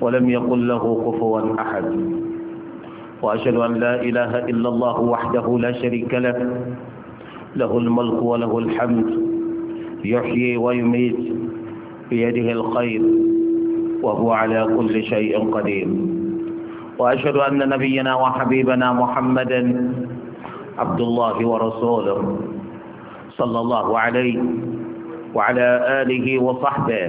ولم يقل له كفوا أحد وأشهد أن لا إله إلا الله وحده لا شريك له له الملك وله الحمد يحيي ويميت بيده الخير وهو على كل شيء قدير وأشهد أن نبينا وحبيبنا محمدا عبد الله ورسوله صلى الله عليه وعلى آله وصحبه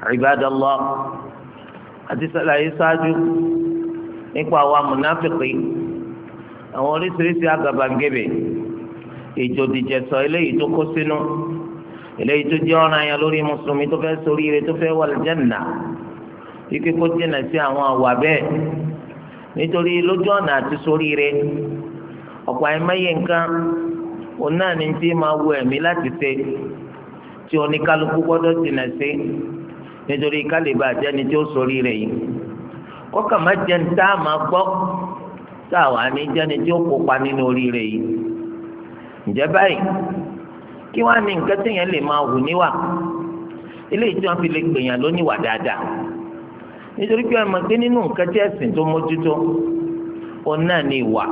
عباد الله sàlàyé ṣáájú nípa àwa mùnáfìkì àwọn oríṣiríṣi àgàbàǹgebè ìjòdìjẹsọ eléyìí tó kó sínú eléyìí tó jẹ́ ọ̀ràn yẹn lórí mùsùlùmí tó fẹ́ sórí ire tó fẹ́ wà lìjẹnà ike kó jìnnà sí àwọn àwà bẹ́ẹ̀ nítorí lójú ọ̀nà àti sórí ire ọ̀pọ̀ àìmọye nǹkan òun náà ní tí máa wù ẹ̀mí láti ṣe tí oníkálukú gbọ́dọ̀ jìnnà sí. nítorí kálíbà jẹ́ni tí ó sórí rẹ̀ yìí kọ́kà má jẹ́ ní tá a máa gbọ́ tá a wà ní jẹ́ni tí ó kópa nínú oríire yìí ǹjẹ́ báyìí kí wàá ní nǹkan lè máa hù níwà fi lè gbèyàn lóníwà dáadáa nítorí pé ọmọ gbé nínú nǹkan tí ẹ̀sìn tó mójútó òun náà ní ìwà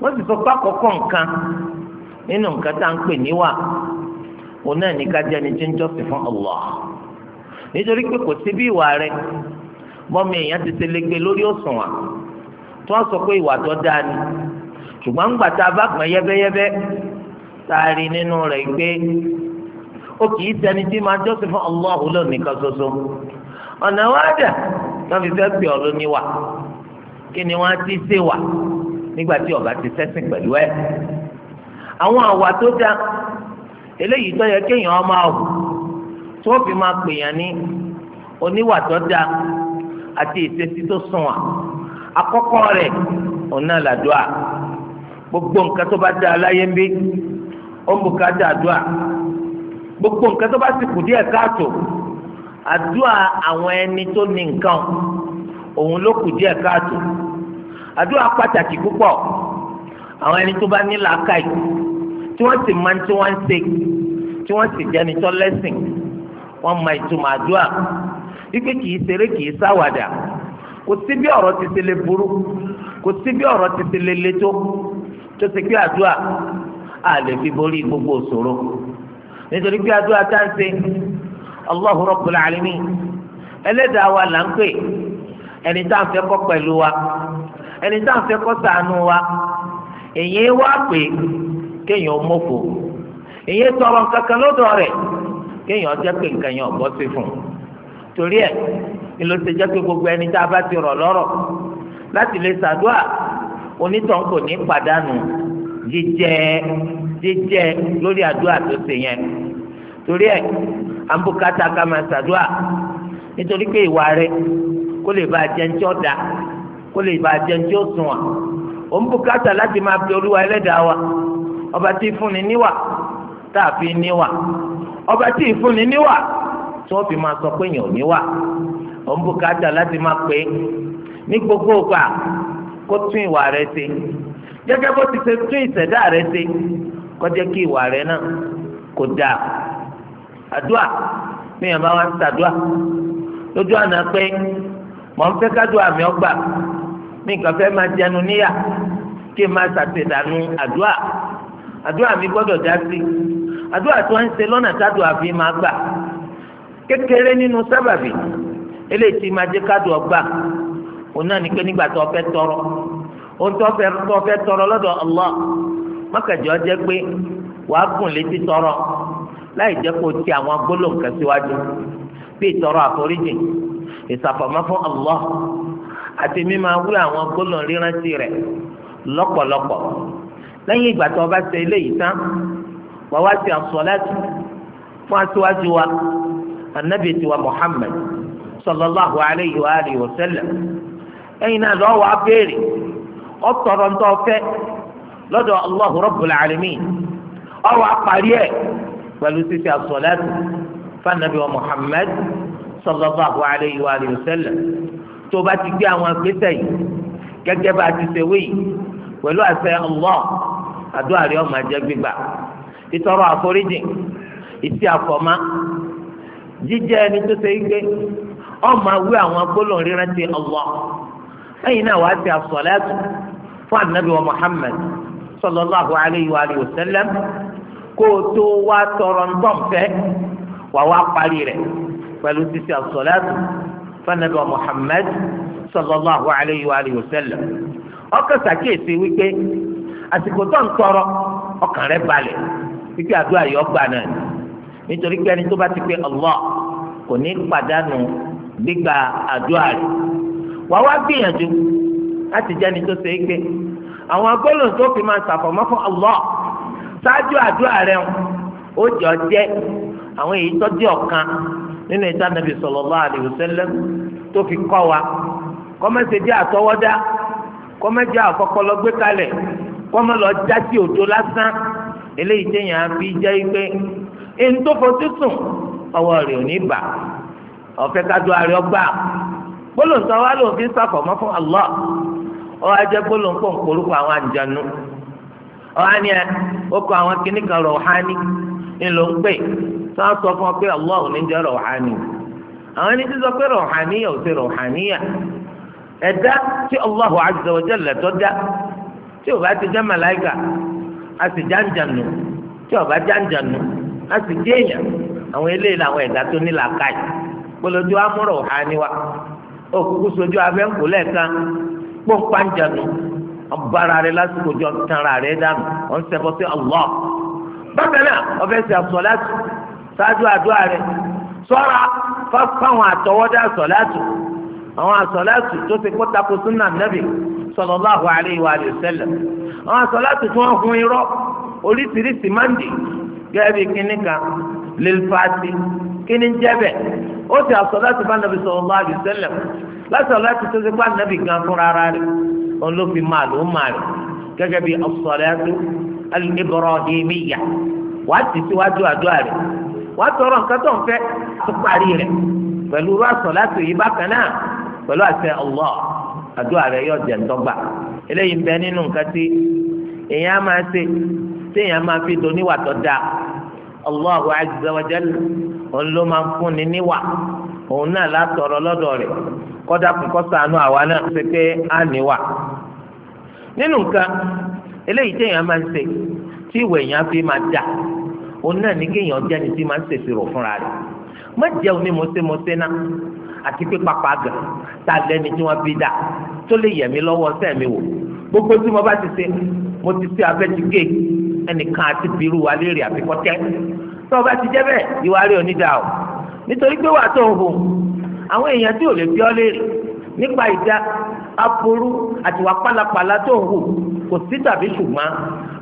wọ́n sì sọ pé àkọ́kọ́ nǹkan nínú nǹkan tá à ń pè fún nítorí pé kò sí bí ìwà rẹ mọ́mi èèyàn ti ṣe legbe lórí òṣùwọ̀n tí wọ́n sọ pé ìwà tó dáa ni ṣùgbọ́n ńgbà tá a bá pọ̀ yẹ́bẹ́yẹ́bẹ́ tá a rí nínú rẹ̀ pé ó kì í ṣẹni tí máa jọ́sìn fún Allahu nìkan ṣoṣo ọ̀nà wa dà wọ́n fi fẹ́ pè ọ́ lóní wa kí ni wọ́n á ti ṣe wà nígbà tí ọba ti sẹ́sìn pẹ̀lú ẹ̀ àwọn àwà tó dáa eléyìí tó yẹ kéèyàn ọmọ ọ̀hún tó fi máa pèèyàn ní oníwà tó dáa àti ìṣesí tó sunwà àkọ́kọ́ rẹ̀ ọ̀nà làdúà gbogbo nǹkan tó bá dáa láyé ń bí ó ń bùkátà àdúà gbogbo nǹkan tó bá sì kù díẹ̀ káàtó àdúà àwọn ẹni tó ní nǹkan òun ló kù díẹ̀ káàtó àdúà pàtàkì púpọ̀ àwọn ẹni tó bá ní làákàyè tí wọ́n sì máa ń tí wọ́n ń ṣe tí wọ́n sì jẹ́ni tó lẹ́sìn wọ́n mọ ìtumọ̀ àdúrà wípé kìí ṣeré kìí sáwàdà kò sí bí ọ̀rọ̀ ti lè burú kò sí bí ọ̀rọ̀ lè le tó ti àdúrà a lè fi borí gbogbo òṣòro nítorí pé àdúrà tá n se Allahu Rabbul Alamin wa là ń pè ẹni tá à fẹ́ kọ́ pẹ̀lú wa ẹni tá à fẹ́ kọ́ ṣàánú wa èyí wá pé kéèyàn mọ̀fọ̀ èyí tọrọ kéèyàn jẹ́ pé nǹkan yẹn ọ̀bọ sí fún un torí ẹ̀ ni ló ṣe jẹ́ pé gbogbo ẹni tá a bá ti rọ̀ lọ́rọ̀ láti lè ṣàdúrà onítàn kò ní pàdánù jíjẹ jíjẹ lórí àdúrà tó ṣe yẹn torí ẹ̀ àǹbùkátà ká máa ṣàdúrà nítorí pé ìwà rẹ kó lè bá jẹun tí ó da kó lè bá jẹun tí ó sùn wà òǹbùkátà láti máa pe olúwa ẹlẹ́dàá wa ọba tí fúnni níwà tá a fi níwà ọba tí ìfúnni níwà tí wọ́n fi máa sọ pé èèyàn ò níwà òun bùkátà láti máa pè é ní gbogbo ògbà kó tún ìwà rẹ ṣe gẹ́gẹ́ bó ti ṣe tún ìṣẹ̀dá rẹ ṣe kó jẹ́ kí ìwà rẹ náà kó dáa àdúà ní ìyàbá wa ń ṣàdúà lójú àná pé mò ń fẹ́ kádùn àmì ọgbà mi nǹkan fẹ́ máa jẹnu níyà kí n máa ṣàṣedànù àdúà àdúà mi gbọ́dọ̀ dá sí àdúrà tí wọ́n ń ṣe lọ́nà tádùn àfi máa gbà kékeré nínú sábàbí eléyìí tí máa jẹ́ kádùn ọgbà òun náà ní pé nígbà tó fẹ́ tọrọ ohun tó fẹ́ tọrọ lọ́dọ̀ Allah mọ́kànjọ́ jẹ́ pé wàá gùn létí tọrọ láì jẹ́ kó ti àwọn gbólóǹkà síwájú bí ìtọrọ àforíjì ìsàfọ̀mọ́ fún Allah àti mímọ awúlò àwọn gbólóǹ rírántí rẹ̀ lọ́pọ̀lọpọ̀ lẹ́yìn ìgbà tó o bá ṣe eléyìí tán wà wá sí àsọ̀láàtì fún aṣíwájú wa anabi tiwa muhammed sallallahu alayhi wa alihi wa sallam ẹ̀yin náà lọ́wọ́ wa béèrè ọ tọrọ ntọ́ fẹ́ lọ́dọ̀ allahu rabbul alamin ọ wà parí ẹ̀ pẹ̀lú sísè àsọ̀láàtì fún anabi wa muhammed sallallahu alayhi wa alihi wa sallam tó bá ti gbé àwọn agbésẹ̀ yìí gẹ́gẹ́ bá ti ṣe wí àṣẹ allah àdúrà rẹ̀ ó máa gbígbà ìtọrọ àforíjì ìsì àfọ̀má jíjẹ́ ẹni tó ṣe ike ọmọ awé àwọn gbólóhùn rírántí Allah ẹ̀yin náà wàá ti àsọ̀lẹ́tù fún anabi wa Muhammad sallallahu alayhi wa alihi wa sallam kó o tó wá tọrọ ńbọ̀nfẹ́ wà wá parí rẹ̀ pẹ̀lú títí àsọ̀lẹ́tù fún anabi wa Muhammad sallallahu alayhi wa alihi wa sallam ọkọ̀ sàkíyèsí wípé àsìkò tó ń tọrọ ọkàn rẹ̀ balẹ̀ títí àdúrà yọ gbà náà nítorí pé ẹni tó bá ti pé Allah kò ní pàdánù gbígba àdúrà rẹ̀ wàá wá gbìyànjú láti jẹ́ni tó ṣe é gbé àwọn agbọ́lò tó fi máa ṣàfọ̀mọ́ fún Allah ṣáájú àdúrà rẹ̀ ó jọ jẹ́ àwọn èyí tọ́jú ọ̀kan nínú ìta nàbì sallallahu alaihi wasallam tó fi kọ́ wa kọ́mẹ́sì jẹ́ àtọwọ́dá kọ́mẹ́sì àkọ́kọ́ lọ gbé kalẹ̀ kọ́mẹ́ lọ já sí òdo lásán. eléyìí téèyàn fi jẹ́ pé ẹni tó ọwọ́ rẹ̀ ò ní bà ọ̀fẹ́ kájú ààrẹ ọgbà wa ló fi fún Allah ọ wá jẹ́ gbólóńpọ̀ ń àwọn àjànú ọ wá ní ẹ ó kọ àwọn kan ni ń pè sọ fún ọ pé Allah ò ní jẹ́ àwọn ẹni tí sọ pé yà ẹ̀dá tí a sì jáǹjànù tí ọba jáǹjànù a sì a èèyàn àwọn eléyìí làwọn ẹ̀dá tó ní làákàyè kpolójú amúrò haniwa òkùnkùn sojú abẹ́ ńkù lẹ́ẹ̀kan kpọ́npánjànù ọ̀bára rẹ lásìkò jọ tanra rẹ dànù ọ̀n sẹ́fọ́ sí Allah bákan náà ọbẹ̀ sì àsọ̀ láti ṣáájú àdúrà rẹ sọ́ra fáwọn àtọwọ́dá àsọ̀ àwọn àsọ̀ tó ti kó tako sunna nàbì sallallahu alaihi wa sallam àwọn sọláàtì tí wọ́n fún irọ́ oríṣiríṣi mándì gẹ́gẹ́ bí kínní kan lilfati kínní jẹ́bẹ̀ ó ti àsọláàtì bá nàbì sallallahu alaihi wa sallam lásọláàtì tó ti bá nàbì gan fúnra ara rẹ̀ òun ló fi máa ló máa rẹ̀ gẹ́gẹ́ bí as-salatu al-ibrahimiyya wàá ti síwájú àdúrà rẹ̀ wàá tọrọ nǹkan tó ń fẹ́ tó parí rẹ̀ pẹ̀lú bákan náà pẹ̀lú àṣẹ Allah àdúrà rẹ yóò jẹ ntọgba eléyìí ń bẹ nínú nǹkan tí èèyàn á máa ṣe tí èèyàn máa fi do níwà tó dáa Allahu azza wa jalla òun ló máa ń fúnni níwà òun náà látọ̀rọ̀ lọ́dọ̀ rẹ̀ kódà kún kó ṣàánú àwa náà ṣe pé á níwà nínú nǹkan eléyìí tí èèyàn máa ń ṣe tí ìwà èèyàn fi máa dà òun náà ní kéèyàn jẹ́ni tí máa ń ṣèṣirò fúnra rẹ̀ má jẹun ní mọ́sẹ́mọ́sẹ́ náà àti pípapà gàn tá a lẹ́ni tí wọ́n bí dà tó lè yẹ̀mí lọ́wọ́ sẹ́mi wò gbogbo tí mo bá ti ṣe mo ti ṣe abẹ́tugé ẹnìkan àti bírú wa léèrè àfikọ́tẹ́ tó o bá ti jẹ́ bẹ́ẹ̀ ìwà rẹ̀ onídà o nítorí pé wà tó ń hù àwọn èèyàn tí ò lè bí ọ léèrè nípa ìdá aburú àti wà pálapàla tó ń hù kò sí tàbí ṣùgbọ́n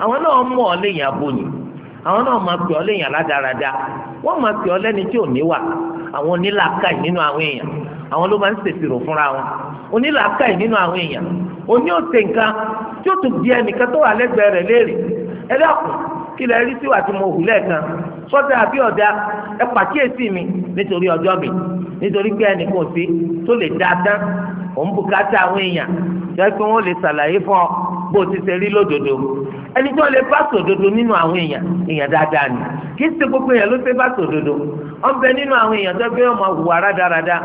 àwọn náà mọ̀ ọ́ léèyàn abóyìn àwọn náà máa pè ọ́ léèyàn ládaràda wọ́n máa pè ọ́ lẹ́ni tí ò níwà àwọn onílàákàyè nínú àwọn èèyàn àwọn ló máa ń ṣèṣirò fúnra wọn onílàákàyè nínú àwọn èèyàn òní òsè nǹkan tí ó tún di ẹnìkan tó wà lẹ́gbẹ̀ẹ́ rẹ̀ léèrè ẹ dákun kí lẹ rí síwà mo hù lẹ́ẹ̀kan sọ́dà àbí ọ̀dà ẹ pàkíyèsí mi nítorí ọjọ́ mi nítorí pé ẹnìkan ò sí tó lè dá tán òun bùkátà àwọn èèyàn jẹ́ pé wọ́n lè ṣàlàyé fún ọ bó ti ṣe rí lódodo ẹni tí wọ́n lè bá sòdodo nínú àwọn èèyàn èèyàn dáadáa ni kì í ṣe gbogbo èèyàn ló ṣe bá sòdodo ọ̀nbẹ nínú àwọn èèyàn tó gbé ọmọ hùwà rádaràda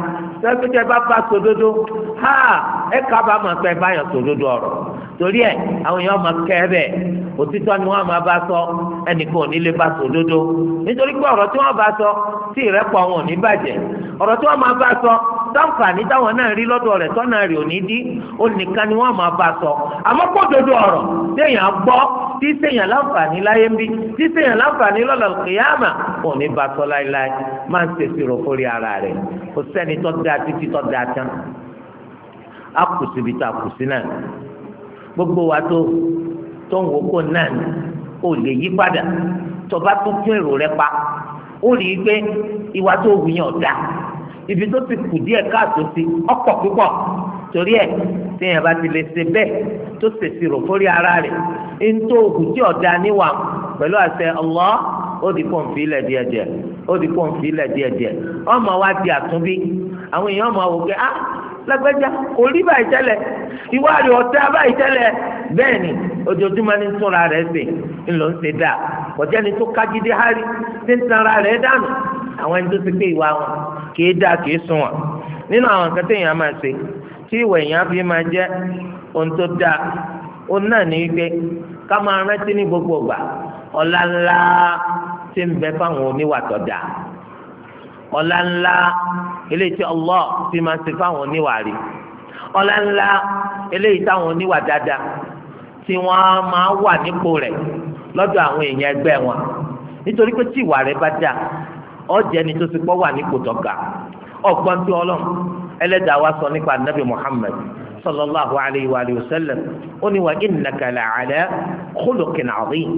tẹ́lifíṣẹ́ bá bá sòdodo ha ẹ kábàámọ̀ pé báyọ̀ sòdodo ọ̀rọ̀ torí ẹ àwọn èèyàn máa kẹ́ ẹ bẹ́ẹ̀ òtítọ́ ni wọ́n máa bá sọ ẹnìkan ò ní lè bá sòdodo nítorí pé ọ̀rọ̀ tí wọ́n bá sọ tí ìrẹ́pọ̀ wọn ò ní bàjẹ́ ọ̀rọ̀ tí wọ́n máa bá sọ sáǹfààní táwọn náà rí lọ́dọ̀ rẹ̀ tọ́nà rẹ̀ ò ní dí olùnìkan ni wọ́n máa bá sọ àmọ́ kó dodo ọ̀rọ̀ téèyàn gbọ́ tí séèyàn láǹfààní láyé ń bí tí séèyàn láǹfààní lọ́la kìyàmà ò ní bá sọ láéláé máa ń ṣèṣirò fórí ara rẹ̀ kò sẹ́ni tó d ga títí tọ́ da tán gbogbo wa tó tó ń wò kó náà ò lè yí padà tó pa ó rí i pé ìwà tó ibi tó ti kù díẹ̀ káàtó sí ọ̀pọ̀ púpọ̀ torí ẹ̀ téèyàn bá ti lè ṣe bẹ́ẹ̀ tó rò ara rẹ̀ ń tó ògùn tí ọ̀dà níwà pẹ̀lú àṣẹ Allah ó di di àwọn èèyàn máa wò pé ah lágbájá kò rí báyìí tẹ́lẹ̀ ìwádìí ọ̀tá báyìí tẹ́lẹ̀ bẹ́ẹ̀ ni ojoojúmọ́ ní túnra rẹ̀ sè ńlọ ń ṣe dáa kọjá ni tó kájídé hárí tí ń tanra rẹ̀ dànù àwọn ẹni tó ti pé ìwà wọn kìí dáa kìí wọn nínú àwọn nǹkan máa ṣe tí èèyàn fi máa jẹ́ ohun tó dáa òun náà ní ká máa gbogbo ń bẹ fáwọn ọlá ńlá eléyìí tí Allah fi máa ń ṣe fáwọn oníwàárí ọlá ńlá eléyìí táwọn oníwà dáadáa tí wọ́n máa wà nípò rẹ̀ lọ́dọ̀ àwọn èèyàn ẹgbẹ́ wọn nítorí pé tí ìwà rẹ̀ bá dáa ọjẹ ni tó ti pọ̀ wà nípò tọ̀gà ọgbọ́n tí ọlọ́run ẹlẹ́dàá wa sọ nípa nabi Muhammad sallallahu alayhi wa sallam ó ní wa innaka la'ala khuluqin azim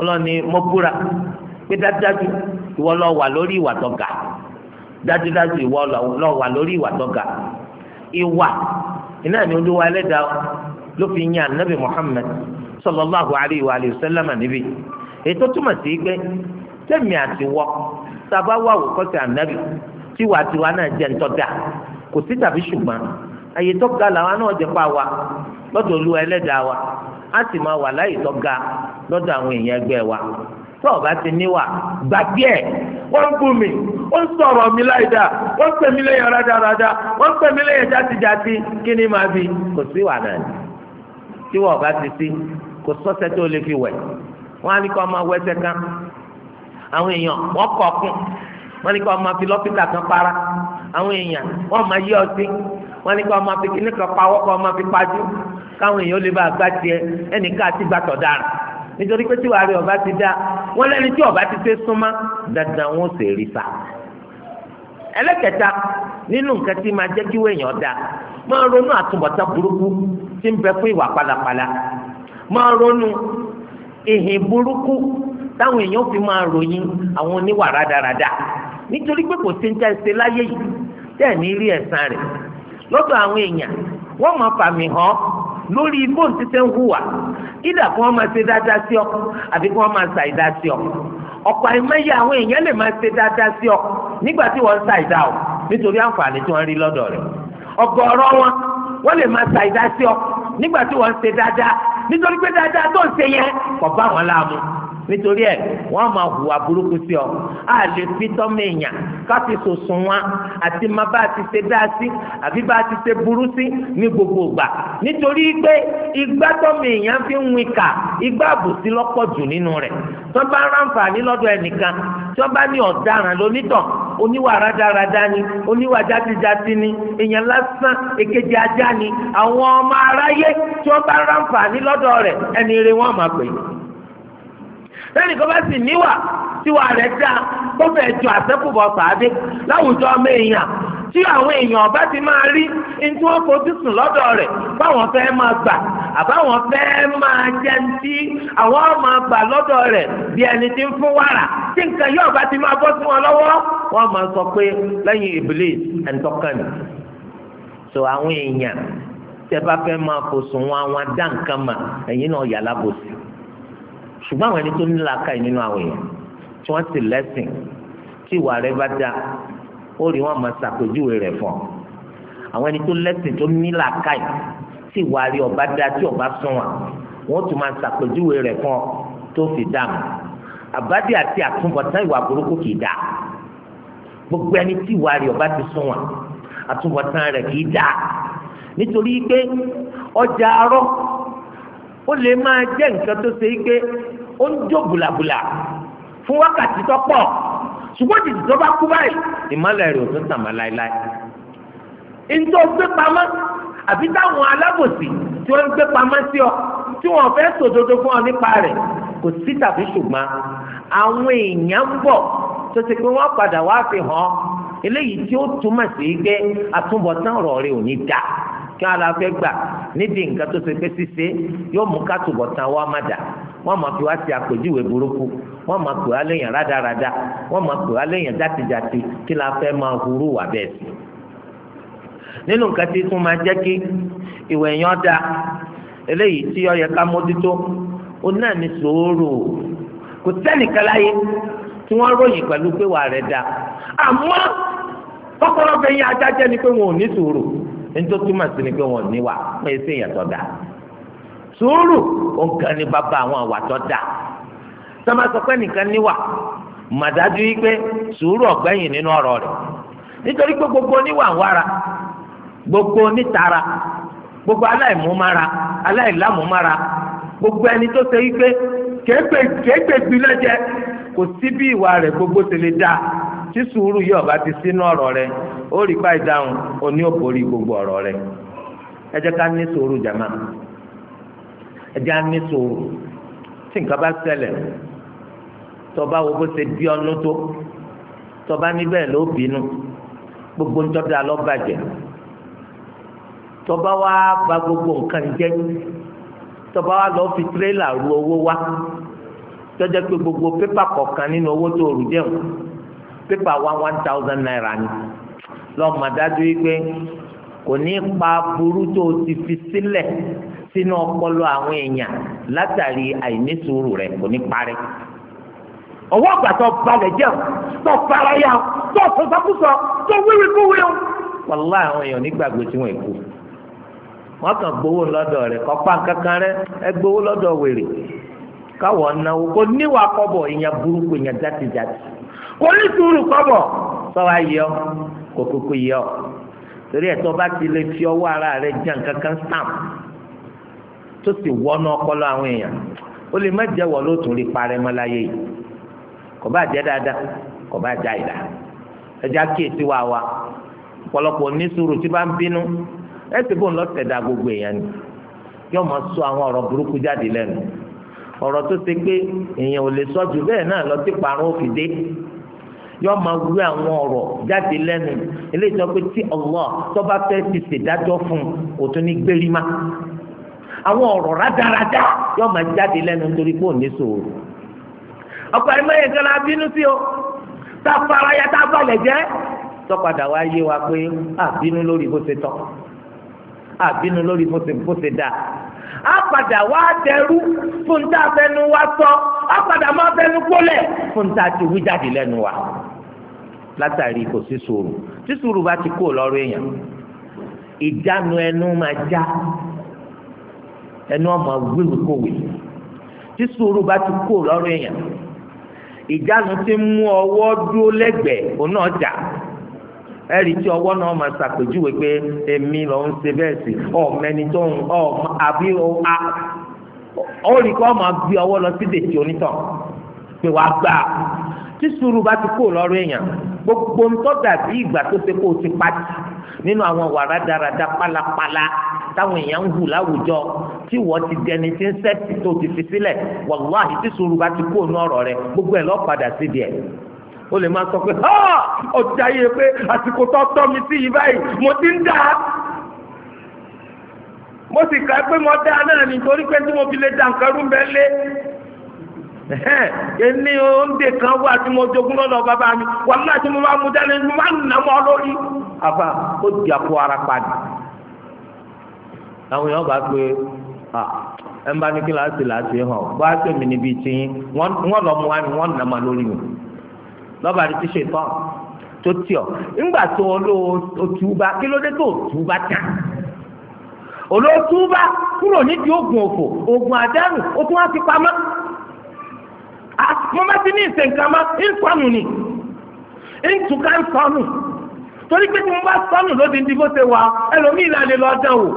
ọlọ́ni mọ́kúra pé ìwọ lọ wà lórí ìwà tó ga dájúdájú ìwọ lọ wà lórí ìwà tó ìwà iná ni olúwa ẹlẹ́dàá ló fi yan anabi muhammed sallallahu alayhi wa sallam níbi ètò túmọ̀ sí pé tẹ̀mí àti wọ sábà wà wòkọ́sí anabi tiwa tiwa náà jẹ́ ntọ́da kò sí tàbí ṣùgbọ́n àyè tó ga làwọn náà jẹ́ pa wa lọ́dọ̀ olúwa ẹlẹ́dàá wa á sì máa wà láyè tó lọ́dọ̀ àwọn èèyàn ẹgbẹ́ wa. tó o bá ti níwà gbà díẹ̀ wọ́n bù mí ó sọ̀rọ̀ mi láì wọ́n pè mí lẹ́yìn rádaràda wọ́n pè mí lẹ́yìn kí ni màá fi kò sí náà tí wọ́n bá ti sí kò sọ́sẹ̀ tó lè fi wọ́n á ní kó máa wẹ́sẹ̀ àwọn èèyàn wọ́n kọ̀ wọ́n ní kó máa fi lọ́pítà kan para àwọn èèyàn wọ́n máa yí ọtí wọ́n ní kó máa fi kíní kan pawọ́ kó máa fi ó lè bá a nítorí pé tí wàá rí ọba ti dá wọn lẹ́ni tí ọba ti fẹ́ súnmọ́ dandan wọn ò sì rí sa ẹlẹ́kẹta nínú nǹkan tí máa jẹ́ kí wéèyàn dá máa ronú àtúbọ̀tán burúkú tí ń bẹ fún ìwà pálapàla máa ronú ìhìn burúkú táwọn èèyàn fi máa ròyìn àwọn oníwà rádaràda nítorí pé kò sí ń tẹ́ láyé yìí tẹ́ ní rí ẹ̀san rẹ̀ lọ́dọ̀ àwọn èèyàn wọ́n máa fàmì hàn lórí bóun ti ṣe ń hùwà ìdá kí wọ́n máa ṣe dáadáa sí ọ àbí kí ma máa ṣàìdá sí ọ ọ̀pọ̀ àìmọye àwọn èèyàn lè máa ṣe dáadáa sí ọ nígbà tí wọ́n ń ṣàìdá o nítorí àǹfààní tí wọ́n rí lọ́dọ̀ rẹ̀ wọn wọ́n lè máa ṣàìdá sí ọ nígbà tí wọ́n ń ṣe dáadáa nítorí pé dáadáa tó ń ṣe yẹn kò bá wọn láàmú nítorí ẹ wọ́n máa hùwà burúkú sí ọ á lè fi tọ́mọ èèyàn káfí sòsùn wọn àti má bá a ti ṣe dá sí àbí bá a ti ṣe burú sí ní gbogbo ìgbà nítorí pé igbá tọ́mọ èèyàn fi ń win kà igbá àbòsí lọ́pọ̀ jù nínú rẹ̀ tó bá ráǹfààní lọ́dọ̀ ẹnìkan tó bá ní ọ̀daràn lónítàn oníwà rádaràdá ni oníwà játijáti ni èèyàn lásán èkejì ajá ni àwọn ọmọ aráyé tó bá ráǹfààní lọ́dọ̀ rẹ̀ ẹni rẹ̀ wọ́n máa pè é lẹ́nu kan bá sì níwà tíwà rẹ̀ dá tó fẹ́ ju àṣẹ́kùbọ̀ pàdé láwùjọ ọmọ èèyàn tí àwọn èèyàn bá ti máa rí ní tí wọ́n fojú sùn lọ́dọ̀ rẹ̀ báwọn fẹ́ máa gbà àbáwọn fẹ́ máa jẹ ti àwọn máa gbà lọ́dọ̀ rẹ̀ bí ẹni tí ń fún wàrà tí nǹkan yóò bá ti máa bọ́ sí wọn lọ́wọ́ wọ́n máa sọ pé lẹ́yìn ìbílẹ̀ ẹ̀ńtọ́kàn ni. so àwọn èèyàn tẹ bá fẹ́ máa fòsùn wọn àwọn dá nǹkan mà ẹ̀yin náà yà lábòsí ṣùgbọ́n àwọn ẹni tó ní làákàyè nínú àwọn èèyàn tí wọ́n sì lẹ́sìn tí ìwà rẹ̀ bá dáa ó rí wọn máa ṣàpèjúwe rẹ̀ fún ọ àwọn ẹni tó lẹ́sìn tó ní làákàyè tí ìwà rẹ̀ ọba dáa tí ọba sún wọn wọ́n tún máa ṣàpèjúwe rẹ̀ fún ọ tó fi dáàmú àbádé àti àtúbọ̀tán ìwà burúkú kì í gbogbo ẹni tí ìwà rẹ̀ ọba ti sún wọn àtúbọ̀tán rẹ̀ kì í nítorí pé ọjà arọ́ ó lè máa jẹ́ nǹkan tó ṣe pé ó ń jó bùlàbùlà fún wákàtí tó pọ̀ ṣùgbọ́n títí tó bá kú báyìí ìmọ̀lẹ̀ rẹ̀ ò tún tàn mọ́ láéláé. ìjọ gbé pamọ́ àbí táwọn alábòsí tí wọ́n ń gbé pamọ́ sí ọ tí wọ́n fẹ́ sòdodo fún ọ nípa rẹ̀ kò sí tàbí ṣùgbọ́n àwọn èèyàn ń bọ̀ tó ṣe pé wọ́n padà wá fi hàn eléyìí tí ó túmọ̀ sí pé àtúbọ̀tán ọ̀rọ̀ rẹ̀ ò ní dáa. kí wọn la fẹ́ gbà nídìí nǹkan tó ṣe pé ṣíṣe yóò mú ká túbọ̀ tán wá má dà wọ́n máa fi wá sí àpèjúwe burúkú wọ́n máa pè wá léèyàn rádaràda wọ́n máa pè wá léèyàn játijàti kí la fẹ́ máa hurú wà bẹ́ẹ̀ sí. nínú nǹkan tí tún máa jẹ́ kí ìwẹ̀ yẹn da eléyìí tí ó yẹ ká mójútó ó náà ní sòórò kò sẹ́nìkan láyé tí wọ́n ròyìn pẹ̀lú pé wà rẹ̀ da àmọ́ kọ́kọ́rọ́ fẹ́ yín ni pé wọn ò ní sòórò. nítorí mà sí ni pé wọn ò ní wà wọn èsì ìyàtọ̀ dà sùúrù òǹkan ní bàbá àwọn àwàtọ̀ dà sọ́mà sọ pé nìkan níwà màdájú yìí pé sùúrù ọ̀gbẹ́yìn nínú ọ̀rọ̀ rẹ̀ nítorí pé gbogbo oníwà ń wára gbogbo onítara gbogbo aláìmúmára aláìlámúmára gbogbo ẹni tó ṣe wípé kéèpè kéèpè gbilẹ̀ jẹ kò gbogbo dáa tí sùúrù yóò bá ti sínú ọ̀rọ̀ rẹ ó rí pa ìdáhùn oní òkòrí gbogbo ọ̀rọ̀ rẹ ẹ jẹ́ ká ní sùúrù jàmá ẹ jẹ́ á ní sùúrù tí nǹkan bá ṣẹlẹ̀ tọba wo bó ṣe bí ọnu tó tọba níbẹ̀ ló bínú gbogbo ńtọ́da lọ bàjẹ́ tọba wa ba gbogbo nǹkan jẹ́ tọba wa lọ fi tirẹ́là ru owó wa tọ́jà pé gbogbo pépà kọ̀ọ̀kan nínú owó tó rù jẹun pépà wa one thousand naira ni lọ́mọ dájú wípé kò ní pa burú tó o ti fi sílẹ̀ sínú ọpọlọ àwọn èèyàn látàrí àìní sùúrù kò ní parẹ́ ọwọ́ àgbà balẹ̀ jẹ́ tó fara tó tó wíwí o. wàlá àwọn èèyàn tí wọ́n kú wọ́n kàn gbowó lọ́dọ̀ rẹ̀ kò ní sùúrù kọ́bọ̀ sọ́wọ́ ayé ọ kò kúkú yé ọ torí ẹ̀tọ́ bá ti lè fi ọwọ́ ara rẹ̀ jẹ́ nǹkan kan stamp tó sì wọ́nà ọpọlọ àwọn èèyàn ó lè má jẹ́ wọ́n ló tún lè parẹ́ mọ́ láyé yìí kò bá jẹ́ dáadáa kò bá já ìdá ẹja kíyèsí wa wa ọ̀pọ̀lọpọ̀ ní sùúrù tí bá ń bínú ẹ sì bò ń lọ tẹ̀dá gbogbo èèyàn ni yóò máa sọ àwọn ọ̀rọ̀ burúkú jáde lẹ́nu ọ̀rọ̀ tó ṣe pé èèyàn ò lè sọ jù bẹ́ẹ̀ náà lọ sí parun ó yọ máa wí àwọn ọ̀rọ̀ jáde lẹ́nu eléyìí tó pé tí Allah tó bá fẹ́ ti ṣèdájọ́ fún kò tún ní gbérí má àwọn ọ̀rọ̀ rádaràdá yọ máa jáde lẹ́nu nítorí pé ò ní sòrò ọ̀pọ̀ ẹ̀mọ́ yẹn kan la bínú sí o tá a fara ya tá a balẹ̀ jẹ́ tọ́padà wá yé wa pé àbínú lórí bó ṣe tọ́ àbínú lórí bó ṣe bó ṣe dáa á padà wá dẹrú fún tá a fẹnu wá sọ á padà má fẹnu gbólẹ̀ fún tá a ti wí jáde lẹ́nu wa látàrí kò sí sùúrù tí sùúrù bá ti kó lọ́rọ̀ èèyàn ìjánu ẹnu máa já ẹnu ọmọ wíwíkòwì tí sùúrù bá ti kó lọ́rọ̀ èèyàn ìjánu ti mú ọwọ́ dúró lẹ́gbẹ̀ẹ́ òun náà jà ẹ̀rí tí ọwọ́ náà máa ṣàpèjúwe pé èmi ló ń ṣe bẹ́ẹ̀ sí ọ̀mẹ́ni tó ń ọ̀mọ àbí ọ̀rí kọ́ máa gbé ọwọ́ lọ sí dèjì onítàn pé wàá gbà tí sùúrù bá ti kó lọ́rọ̀ èèyàn gbogbo ńtọ́ dàbí ìgbà tó ṣe kó o ti pati nínú àwọn wàrà dáradá pálapàla táwọn èèyàn ń hù láwùjọ tí wọ́n ti dẹni tí ń sẹ́ẹ̀tì tó ti fi sílẹ̀ wàláhì tí sùúrù bá ti kó lọ́rọ̀ rẹ gbogbo ẹ̀ lọ́ọ́ padà sí o lè máa sọ pé ọjà yẹ pé àsìkò tó tọ́ mi sí yìí báyìí mo ti ń dà á mo sì kà pé mo dá náà nítorí pé tí mo fi lè dà nǹkan rú bẹ́ẹ̀ lé èmi oúnjẹ kan wà tí mo jogún lọ́dọ̀ bàbá mi wàhálà tí mo bá mú dání mo máa nà mọ́ lórí. àbá ó di àpò ara padì. àwọn èèyàn bá gbé ẹ ń bá ní kí láti láti hàn bá a ṣe mí níbi tí wọ́n lọ mú wa ni wọ́n nà mọ́ lórí mi lọ́ba àti tíṣe tán tó tì ọ́ ńgbà tó o túba kí ló dé tó o túba tán olóòtú bá kúrò nídìí oògùn òfò oògùn àdánù ó tún wá fi pamọ́. Ah, mo si ti ní ìsèǹkan má ni ń tùkà torí pé tí mo bá sọnù lóde ní bó ṣe wà o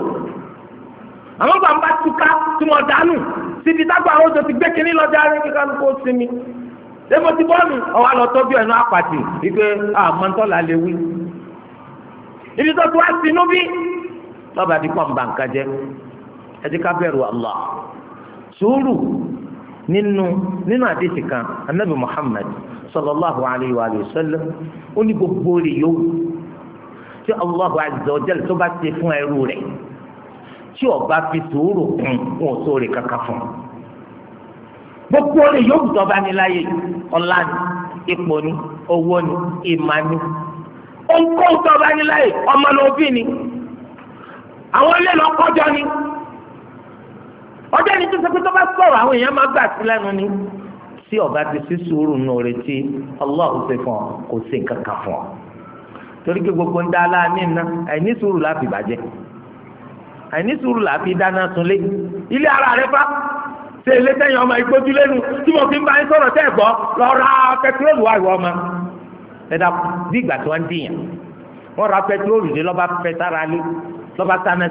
àwọn ń bá túká tí mo dánù síbi àwọn oṣù ti gbé kínní kíkà ló kó sinmi ti bọ́ọ̀lù lọ apàtì ah, ibi tó tó wá bí lọ́ba àdìpọ̀ ń nínú nínú àdéhìí kan anabi muhammad sallallahu alayhi wa sallam ó ní gbogbo rẹ̀ yóò tí allahu azza wa jalla tó bá ṣe fún ẹrú rẹ̀ tí ó bá fi sùúrù kún wọn ò sóore kankan fún un gbogbo rẹ̀ yóò tó bá ní láyé ọlá ni ipò ni owó ni ìmà ni òǹkó tó bá ní láyé ọmọlúwàbí ni àwọn ilé lọ kọjọ ni ọjọ́ ni tó sọ pé tó bá sọ̀rọ̀ àwọn èèyàn máa gbà sí lẹ́nu ni tí ọba ti sí sùúrù nù retí Allahu ṣe fún ọ kò sí nǹkan kan fún ọ torí pé gbogbo ń dá aláàánú iná àìní sùúrù la fi bàjẹ́ àìní sùúrù la fi dáná sunlé ilé ara rẹ fa ṣe ilé sẹ́yìn ọmọ ìgbójú lẹ́nu tí mo fi ń bá yín sọ̀rọ̀ tẹ́ gbọ́ lọ ra pẹtrólù wá ìwọ ọmọ ẹ dà bí ìgbà tí wọ́n ń dìyàn wọ́n ra pẹtrólù dé lọ́ba pẹ́ sára lé lọ́ba sáná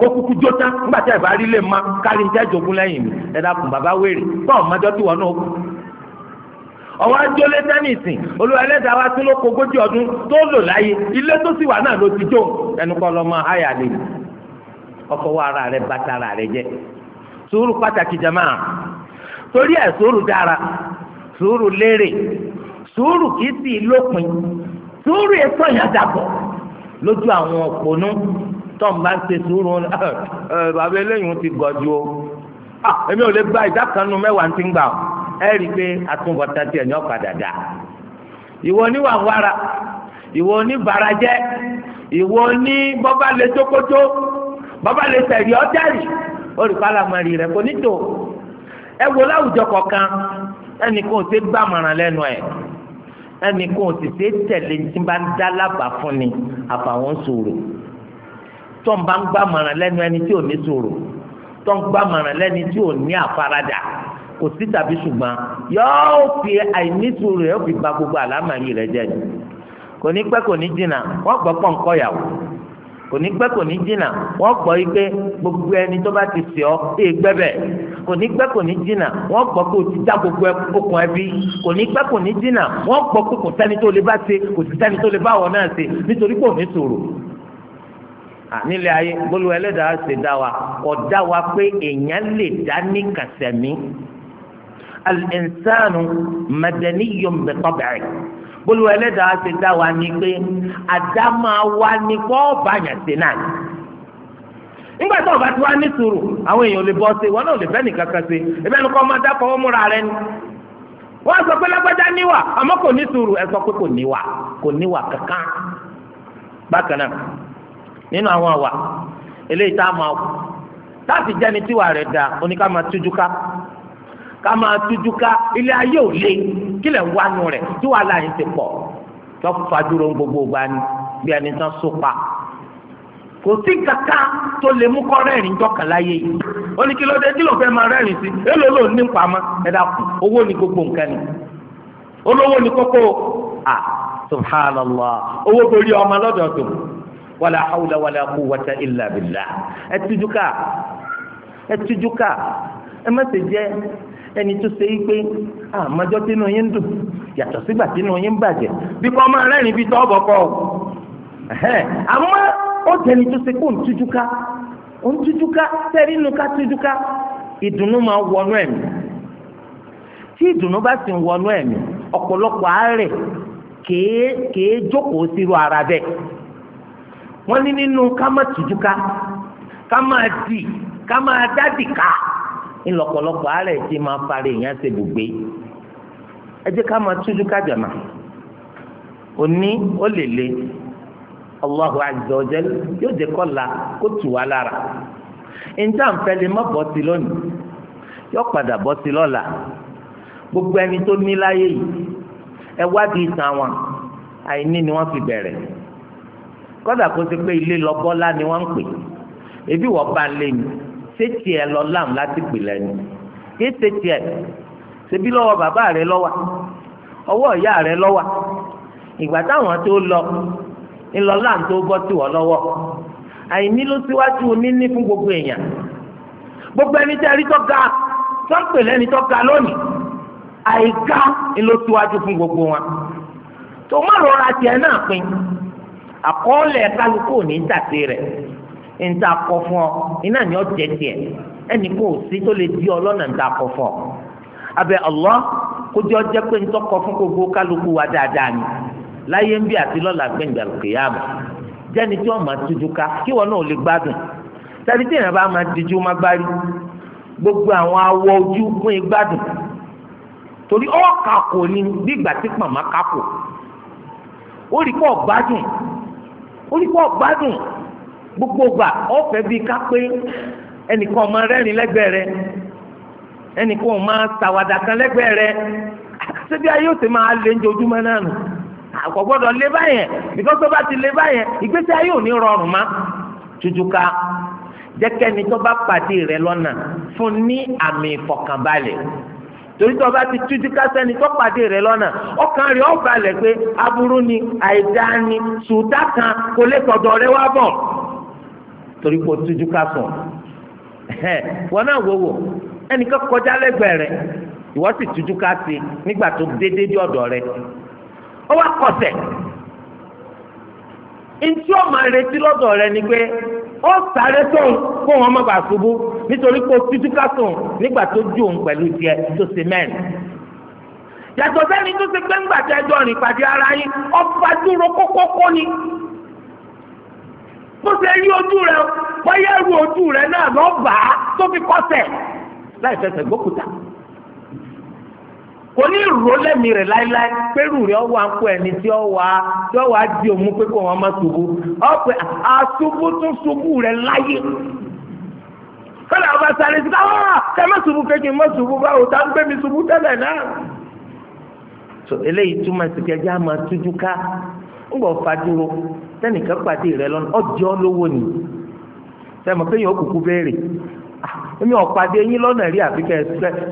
kó kúkú jó tán nígbà rí lè ma kárí ní jẹ́jọ́gún lẹ́yìn mi ẹ bàbá wèrè tó ọmọdé tí wọn náà kú. ọwọ́ ajólé tẹ́nìsì olúwa ẹlẹ́dàá wa lo ló ogójì ọdún tó lò láyé ilé tó sì wà ara bàtà ara sùúrù pàtàkì jama torí sùúrù dára sùúrù sùúrù kìí sì lópin sùúrù tọ́m bá ń ṣe sùúrù eh, eh, bàbá eléyìí ti gọ̀jú o ah, èmi ò lè gba ìdákanu mẹ́wàá ti ń gbà o ẹ rí i pé atúbọ̀tán tiẹ̀ ní ọ̀padà dà ìwọ oníwàwára ìwọ oníbarajẹ́ ìwọ oní bọ́bá lè tókótó bọ́bá lè tẹ̀rí ọ́tẹ́rì olùkọ́lámọ́rì rẹ̀ kò ní tò ẹ wo láwùjọ kọ̀ọ̀kan ẹnìkan ò ṣe gbàmọ̀ràn lẹ́nu ẹ̀ ẹnìkan ò ṣe tẹ̀lé tí bá ń dá lábàá fún ni àfàwọn sòrò tó ń bá ń gbàmọ̀ràn lẹ́nu ẹni tí ò ní sòrò tó ń gbàmọ̀ràn lẹ́ni tí ò ní àfaradà kò sí tàbí ṣùgbọ́n yóò fi àìnísòrò yóò fi ba gbogbo àlámàrí rẹ̀ jẹ́ ni kò ní pẹ́ kò ní jìnnà wọ́n gbọ́ pọ̀ ńkọ́ yàwó kò ní pẹ́ kò ní jìnnà wọ́n gbọ́ pé gbogbo ẹni tó bá ti sè ọ́ ee gbẹ́bẹ̀ kò ní pẹ́ kò ní jìnnà wọ́n gbọ́ pé o ti dá gbogbo okùn ẹbí kò ní pẹ́ kò ní jìnnà wọ́n gbọ́ pé kò sẹ́ni tó lè bá ṣe kò sí sẹ́ni tó lè bá wọn náà ṣe nítorí pé òní sòrò nílẹ̀ ayé gbólóhùn ẹlẹ́dàá ṣe dá wa kò wa pé èèyàn lè dá ní kàṣẹ̀mí al-insanu madaniyyun bi tab'i gbólóhùn ẹlẹ́dàá ṣe dá wa ní pé àdámà wa ní bọ́ọ̀bà yẹn ṣe náà nígbà tó o bá ti wá ní sùúrù àwọn èèyàn ò lè bọ́ ṣe wọn náà ò lè fẹ́ nìkan kan ṣe ẹbí ẹni kọ́ máa dákọ̀ ọ́ rẹ ni wọ́n sọ pé lágbájá níwà àmọ́ kò ní sùúrù ẹ sọ pé kò níwà kò níwà kankan bákan náà nínú àwọn àwà eléyìí tá a máa wù láti jẹni da oní ká máa tújú ká ká máa tújú ká ilé ayé ò le kílẹ̀ ń wánu rẹ̀ tíwà láyé ti pọ̀ tó gbogbo gba ni bí ẹni tán so pa kò sí kàkà tó lè mú kọ́ rẹ́rìn jọ́kàn láyé yìí ó kí ló fẹ́ máa rẹ́rìn sí ló ní pamọ́ owó ni gbogbo nǹkan ni olówó ni kókó wala hawla wala quwwata illa billah ẹ tújú ká ẹ tújú ká ẹ má ṣe jẹ́ ẹni tó ṣe é pé àmọ́jọ́ tínú yín dùn yàtọ̀ sígbà tínú yín bàjẹ́ bí kò máa rẹ́rìn bí tọ́ọ̀bọ̀ kọ́ ọ àmọ́ ó tẹni tó ṣe pé òun tújú ká òun tújú ká tẹ́rí inú ká tújú ká ìdùnnú máa wọnú ẹ̀mí tí ìdùnnú bá sì ń wọnú ẹ̀mí ọ̀pọ̀lọpọ̀ àárẹ̀ kèé kèé jókòó sírú ara bẹ́ẹ̀ wọ́n ní nínú ká má tùjúká ká má dì ká má dádìka ńlọ́pọ̀lọpọ̀ ara tí máa parí èèyàn ṣe bùgbé ẹ ká má tùjúká jàmà òní ó lè le Allahu azza yóò jẹ́ kọ́la kó tù wá lára gbogbo ẹni tó ní láyé yìí ẹ wádìí ìtàn wọn àìní fi bẹ̀rẹ̀. kódà kó ti pé ilé lọ́bọ́lá ni wọ́n ń pè ebi wọ́n bá lé ni sétí ẹ lọ lám láti pè lẹ́nu kí sétí ẹ ṣebí lọ́wọ́ bàbá rẹ lọ́wọ́ ọwọ́ ìyá rẹ lọ́wọ́ ìgbà táwọn tó lọ ńlọ lám tó bọ́ tiwọ́ lọ́wọ́ àìní ló síwájú níní fún gbogbo èèyàn gbogbo ẹni tẹ́ ẹni tó ga tó ń pè lẹ́ni tó ga lónìí àìká ńlọ síwájú fún gbogbo wọn tó má rọra tiẹ̀ náà pin. àkọọ́lẹ̀ kálukú ní tàsé rẹ̀ níta fún ọ iná ni ọ jẹ tiẹ̀ ẹnì kò sí tó lè di ọlọ́nà níta kọ fún ọ abẹ Allah kójú ọjẹ pé ntọkọ fún gbogbo kálukú wa dáadáa ni láyé ń bí àti lọ́la gbẹ̀ǹdà jẹ́ni tí wọ́n máa tuju ká kí wọ́n náà lè máa má gbárí gbogbo àwọn awọ ojú torí ni bí ìgbà tí pàmò kakò ó oníkọ́ gbádùn gbogbo gbà ọ̀fẹ́ bíi ká pé ẹnìkan máa rẹ́rìn lẹ́gbẹ̀ẹ́ rẹ ẹnìkan máa tàwàdà kan lẹ́gbẹ̀ẹ́ rẹ ṣébi ayé ò ti máa lé njojúmọ́ náà nù àkọ́ gbọ́dọ̀ lé báyẹn bíkọ́sọ́ bá ti lé báyẹn ìgbésí ayé ò ní rọrùn má tujuka jẹ́kẹ́ni tó bá pàdé rẹ lọ́nà fún ní àmì ìfọ̀kànbalẹ̀ torí tí ọba ti tújú kásẹ́ni tó pàdé rẹ lọ́nà ọkàn rẹ ó balẹ̀ pé aburú ni àìdá ni sùúta kan kò lè tọ̀dọ̀ rẹ wá bọ̀ torí kò tújú kásùn wọn náà wò wò ẹnìkan kọjá lẹ́gbẹ̀ẹ́ rẹ ìwọ tújú kásì nígbà tó dédé dé ọ̀dọ̀ rẹ ó wá ntí ọmọ retí lọ́dọ̀ rẹ ni pé ó sáré tó ń kó wọn má bàa ṣubú nítorí pé o tútú ká sùn nígbà tó ju òun pẹ̀lú tiẹ̀ tó ṣe mẹ́rin. yàtọ̀ sẹ́ni tó ṣe pé ńgbà tí ẹjọ́ rìn pàdé ara yín ọba dúró kókókó ni. bó ṣe rí ojú rẹ bóyá ru ojú rẹ náà lọ́ọ́ bàá tó fi kọ́sẹ̀ láì fẹsẹ̀ gbókùtà. kò ní ìró lẹ́mi rẹ̀ láíláí pẹ̀lú rẹ̀ ọwọ́ àpò ẹni tí ọwọ́ tí ọwọ́ á di òun pé kò wọ́n má ṣubú ọ̀pẹ àṣubú ọba sáré sí ah, káwọ́ ẹ ṣubú kékeré má ṣubú báwo tá gbé mi ṣubú sọ eléyìí túmọ̀ sí máa tújú ká ń fadúró sẹ́nìkan pàdé lọ́nà lówó ni sẹ́mi pé yẹn ó kúkú béèrè èmi ọ̀pàdé yín lọ́nà rí àfi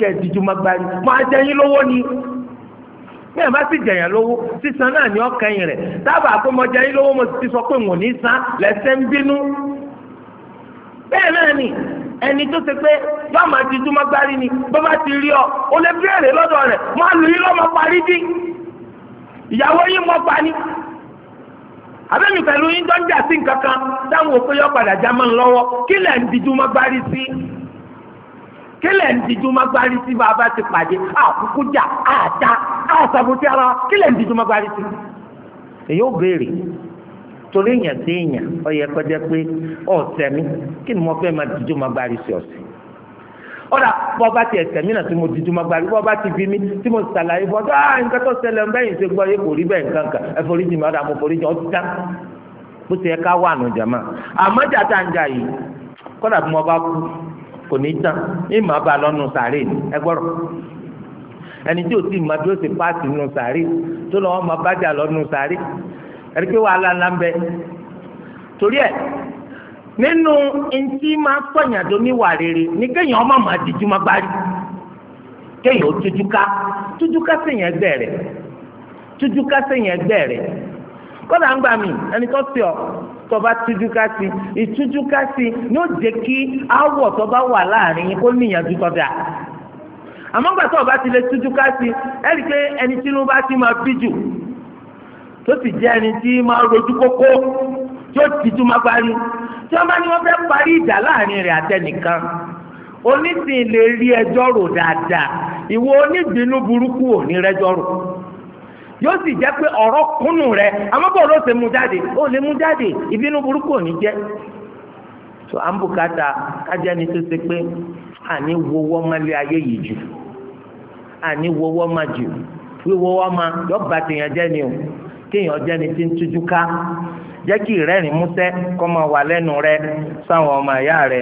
kẹ́ ẹ díjú má gbárí máa jẹ yín lówó ni bí ẹ bá sì jẹyàn lówó sísan náà ni ọkẹyìn rẹ dábàá pé mo jẹ yín lówó mo ti sọ pé n ò ní san lẹsẹ ń bínú bẹ́ẹ̀ náà ni ẹni tó ṣe pé yóò máa ti dúmọ́ gbárí ni bó bá ti rí ọ o lè béèrè lọ́dọ̀ rẹ̀ máa lù yín lọ́mọ parí dí ìyàwó yín mọ́ pa ni. àbẹ́mi pẹ̀lú yín tó ń jà sí nǹkan kan táwọn òfin yóò padà já mọ́ ń lọ́wọ́ kí lẹ̀ ń di dúmọ́ gbárí sí kílẹ̀ ń dijú má gbárí sí bàbá ti pàdé àkúkú jà àdá àṣàbùtì ara kílẹ̀ ń dijú má gbárí sí. èyí ò béèrè torí èèyàn sí èèyàn ó yẹ kó jẹ́ pé ọ̀sẹ̀ mi kí ni mo fẹ́ máa dijú má gbárí sí ọ̀sẹ̀ ọ̀dà bọ́ba ti ẹ̀sẹ̀ mi náà tí mo dijú má gbárí bọ́ba ti bí mi tí mo ṣàlàyé bọ́ tó à nǹkan tó ṣẹlẹ̀ ń bẹ́yìn ṣe gbọ́ yé kò rí bẹ́ẹ̀ nǹkan kan ẹ forí jì mí ọ̀dà mo forí jì ọ́ kò ní tán ní màá bá lọ́nu sàárè ẹ gbọ́rọ̀ ẹni tí o ti ma bí o ti paasi nù sàárì tó lọ́wọ́ ma bájà lọ nù sàárì ẹni pé wàhálà ńlá ń bẹ torí ẹ nínú ntí máa pọ̀nyàdó níwà rere ní kéèyàn ọmọ màá di jùmọ̀ gbárí kéèyàn ó tújúká tújúká sèyàn ẹgbẹ́ rẹ̀ tújúká sèyàn ẹgbẹ́ rẹ̀ kọ́dà ń gbà mí ẹni tó ti ọ tọba tújúká sí ìtújúká sí yóò jẹ́ kí áwọ̀ tọba wà láàrin yín kó níyànjú tọ́da àmọ́ gbà tọ́ba ti lè tújúká sí ẹ rí i pé ẹni tí ló bá ti máa bí jù tó sì jẹ́ ẹni tí máa rojú kókó tí ó tìjú máa parí tí wọ́n bá ní wọ́n fẹ́ parí ìjà láàrin rẹ̀ àtẹnìkan onísìn lè rí ẹjọ́ rò dáadáa ìwọ oníbínú burúkú ò ní rẹ́jọ́ rò. yóò sì je pé ọrọ kúnnù rẹ amọ́bọ̀ ló ṣe mú jáde ó lè mú jáde ìbínú burúkú ò ní jẹ́ tó àǹbùkátà kájá ni tó ṣe pé àní wọwọ́ máa lé ayé yìí jù àní wọwọ́ máa jù wíwọwọ́ máa yọ bá tèèyàn ni o kéèyàn jẹ́ ni tí ń tújú ká jẹ́ kí ìrẹ́rìn músẹ́ kọ́ máa wà lẹ́nu rẹ sáwọn ọmọ ìyá rẹ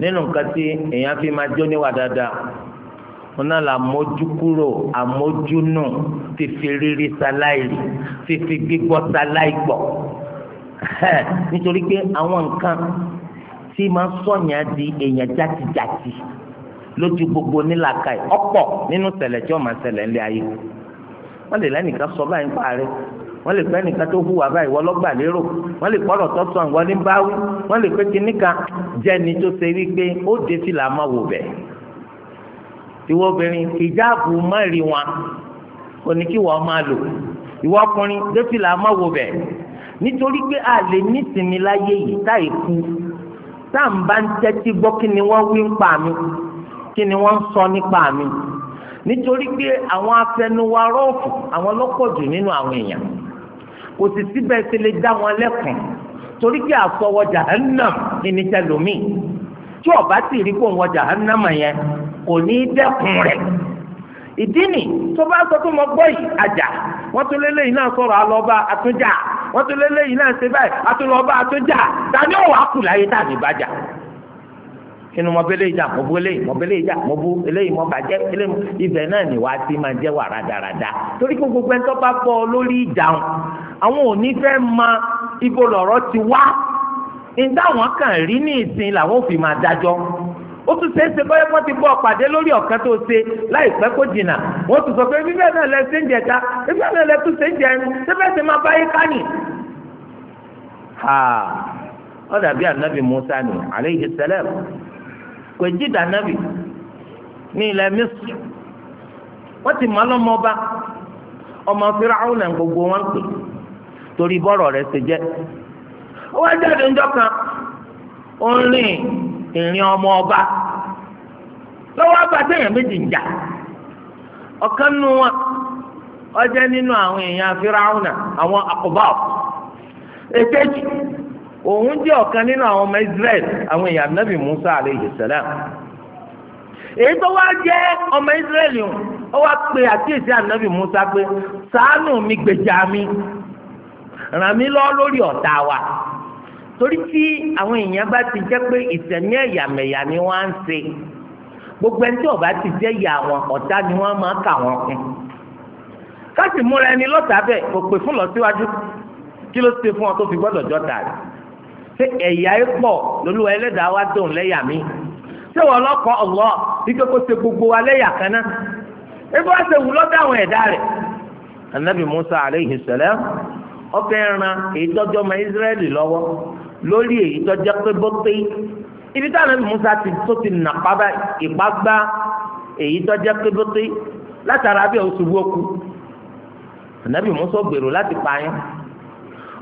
nínú nǹkan tí èèyàn fi máa jó níwà dáadáa ọ̀nà la mójú kúrò àmójúnù fífi rírí sáláìrí fífi gbígbọ́ sáláìgbọ́ nítorí pé àwọn nǹkan tí máa sọ̀yàn di èèyàn játijàti lójú gbogbo nílàka yìí ọ̀pọ̀ nínú ṣẹlẹ̀ tí wọ́n máa ṣẹlẹ̀ ńlẹ̀ ayé wọ́n lè lẹ́nìkan sọ báyìí ń parẹ́ wọ́n lè pẹ́ nìkan tó hùwà báyìí wọ́n lọ́gbà lérò wọ́n lè pọ́rọ̀ tó sọ àwọn báwí wọ́n lè pé kíníkan jẹ́ni tó ṣe wípé ó dé fìlà máa wò bẹ́ẹ̀ ìwọ obìnrin ìjáàbù mẹ́rin wọn òní kí wọ́n máa lò ìwọ ọkùnrin dófìlà má wo bẹ̀ nítorí pé a lè nísìmí láyé yìí táì kú tá à ń bá ń tẹ́tí gbọ́ kí ni wọ́n wí ń pa mi kí ni wọ́n ń sọ nípa mi nítorí pé àwọn afẹnuwa rọ́ọ̀fù àwọn lọ́pọ̀jù nínú àwọn èèyàn kò sì síbẹ̀ ṣe lè dá wọn lẹ́kùn torí pé àfọwọ́jà ẹ̀ ń nà ẹni tẹ́lómìn tí ọba sì rí kó wọ yẹn kò ní í rẹ̀ ìdí ni tó bá sọ pé mo gbọ́ yìí àjà wọ́n tún lé lẹ́yìn náà sọ̀rọ̀ alọ́ba àtúnjà wọ́n tún lé lẹ́yìn náà ṣe báyìí àtúnlọ́ba àtúnjà dání ọ̀wọ́ inú mọ bẹlẹ ìjà mọ bú eléyìí mọ bẹlẹ ìjà mọ bú eléyìí mọ bàjẹ eléyìí ibẹ náà ni wàá ti máa jẹ wà rádaràda torí kó gbogbo ibo lọ̀rọ̀ ti wá níta àwọn kan rí ní ìsìn làwọn òfin máa dájọ́ ó tún ṣe é ṣe wọ́n ti bọ́ ọ̀pàdé lórí ọ̀kan tó ṣe láìpẹ́ kó jìnnà wọ́n tún sọ pé bíbẹ́ náà lẹ ṣe ń jẹta bíbẹ́ náà lẹ tún dàbí ànábì Musa ni kò ní ilẹ̀ wọ́n ti mọ ọlọ́mọba ọmọ gbogbo torí bọ́rọ̀ rẹ ṣe jẹ́ ó wá jáde kan ó ń rìn ìrìn ọmọ ọba lọ́wọ́ abàtà èèyàn méjì ń jà ọ̀kan nu wọn ọjọ́ nínú àwọn èèyàn firawuna àwọn akọ̀báw èkejì òun jẹ́ ọ̀kan nínú àwọn ọmọ Israel àwọn èèyàn nabi Musa aleyhi salam èyí tó wá jẹ́ ọmọ Israel yìí ó wá pe àkíyèsí Musa pé mi gbèjà mi ràn mí lọ torí tí àwọn èèyàn bá ti jẹ́ pé ìsẹ̀mí ẹ̀yàmẹ̀yà ni wọ́n á ń ṣe gbogbo ẹni tí ó bá ti jẹ́ ìyá wọn ọ̀tá ni wọ́n máa kà wọ́n kún káàsì múra ẹni lọ́tà bẹ́ẹ̀ kò pè fún lọ́síwájú kí ló ṣe fún ọ tó fi gbọ́dọ̀ jọ́ta rẹ̀ ṣé ẹ̀yà ẹ pọ̀ lólúwa ẹlẹ́dàá wá dùn lẹ́yà mi ṣé wọn lọ́kọ̀ ọ̀lọ́ ike kó ṣe gbogbo wa lẹ́yà kan náà ebi wá ṣe wù lọ́dọ̀ àwọn ẹ̀dá rẹ̀ anabi musa aleyhi sẹlẹm ọkẹ́ ẹran èyí tọ́jọ́ ọmọ israẹli lọ́wọ́ lórí èyí tó jẹ́ pé bọ́pẹ́ ibi táwọn ẹbí Musa ti tó ti nà pábá ìpá gbá èyí tó jẹ́ pé bọ́pẹ́ látara bí oṣù wọ́kú ànábì Musa gbèrò láti pààyàn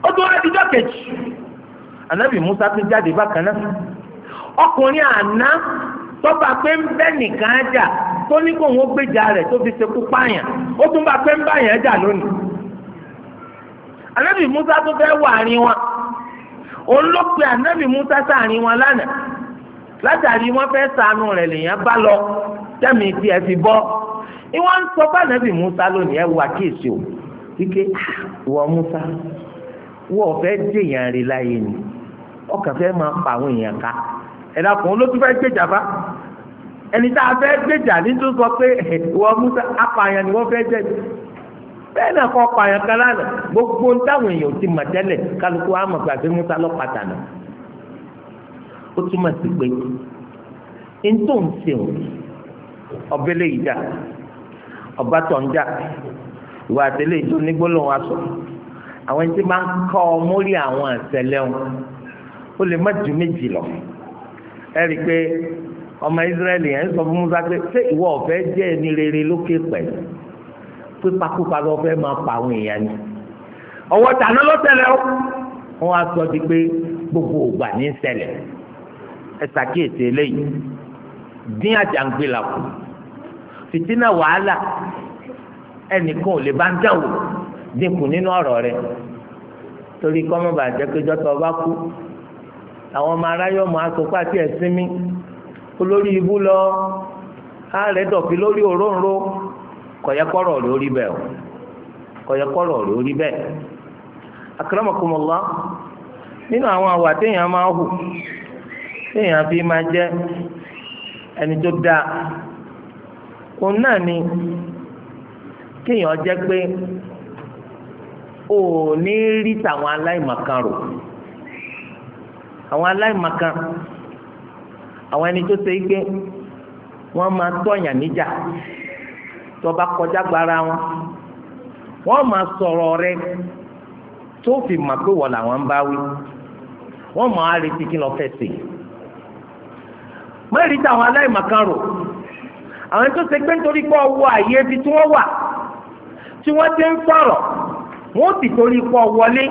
ó tó wá dijọ́ kejì ànábì Musa tún jáde bákan náà ọkùnrin àná tọ́ba pé ń bẹ́ nìkan á tó ní kó wọn gbèjà rẹ̀ tó fi ṣekú pààyàn ó tún bá pé ń báyàn jà lónìí ànábì Musa tó fẹ́ wà ní wọn òun ló pe ànábì Musa sáàrin wọn lánàá látàrí wọn fẹ́ ṣàánú rẹ̀ lèèyàn bá lọ tẹ̀mí tí ẹ fi bọ́ ìwọ ń sọ fún ànábì Musa lónìí ẹ wà kíyèsí o wíkẹ́ ah, wọ Musa wọ́n fẹ́ dèèyàn rí láyé ni ọkàn fẹ́ máa pa àwọn èèyàn ká ẹ̀dá kan ló gbèjà bá ẹni tá a fẹ́ gbèjà ní sọ pé ìwọ Musa apààyàn ni wọ́n fẹ́ jẹ́ bẹ́ẹ̀ náà kọ́ pààyàn kan lánàá gbogbo ń táwọn èèyàn ti mà tẹ́lẹ̀ kálukú wa mọ̀ gbàgbé musa lọ́pàtà náà ó túmọ̀ sí pé ń tó ń sèwò ọbẹ̀ lè yí dà ọba tó ń dà ìwà àtẹlẹ tó ní gbólóhùn aṣọ àwọn ẹni tí máa ń kọ́ ọ mórí àwọn àṣẹlẹ̀ wọn ó lè má ju méjì lọ ẹ rí i pé ọmọ Israẹli yẹn ń sọ fún musa pé ṣé ìwọ ọ̀fẹ́ jẹ́ ẹni rere lókè pẹ̀lú pé pakúpa lọ fẹ́ máa pa àwọn èèyàn ni ọwọ́ tàná ló ṣẹlẹ̀ o wọ́n á sọ di pé gbogbo ògbà ní ṣẹlẹ̀ ẹ ṣàkíyèsí eléyìí dín àjàngbé là kù fìtínà wàhálà ẹnìkan ò lè bá ń dáwò dínkù nínú ọ̀rọ̀ rẹ̀ torí kọ́mọ́ bàjẹ́ péjọ́ tó bá kú àwọn ọmọ aráyọ̀ mọ́ asopá tí ẹ̀ sinmi olórí ibú lọ ààrẹ dọ̀fi lórí òróǹro kọ̀yẹ́kọ́rọ̀ lórí bẹ́ẹ̀ o kọ̀yẹ́kọ́rọ̀ lórí bẹ́ẹ̀. akramakumullah nínú àwọn àwà téèyàn máa hù téèyàn fi máa jẹ́ ẹni tó dáa òun náà ni kéèyàn jẹ́ pé ò ní rí tàwọn aláìmọ̀kan rò àwọn aláìmọ̀kan àwọn ẹni tó ṣe é gbé wọ́n máa tọ̀yàn níjà. tó bá kọjá gbára wọn wọ́n máa sọ̀rọ̀ rẹ tó fi mọ̀ pé wọ́n làwọn ń bá wí wọ́n máa retí kí lọ́ọ́ fẹ́ sè mẹ́rin táwọn aláìmọ̀kan rò àwọn tó ṣe pé nítorí pé ọwọ́ àyè ibi tí wọ́n wà tí wọ́n ti ń sọ̀rọ̀ wọ́n sì torí pé wọlé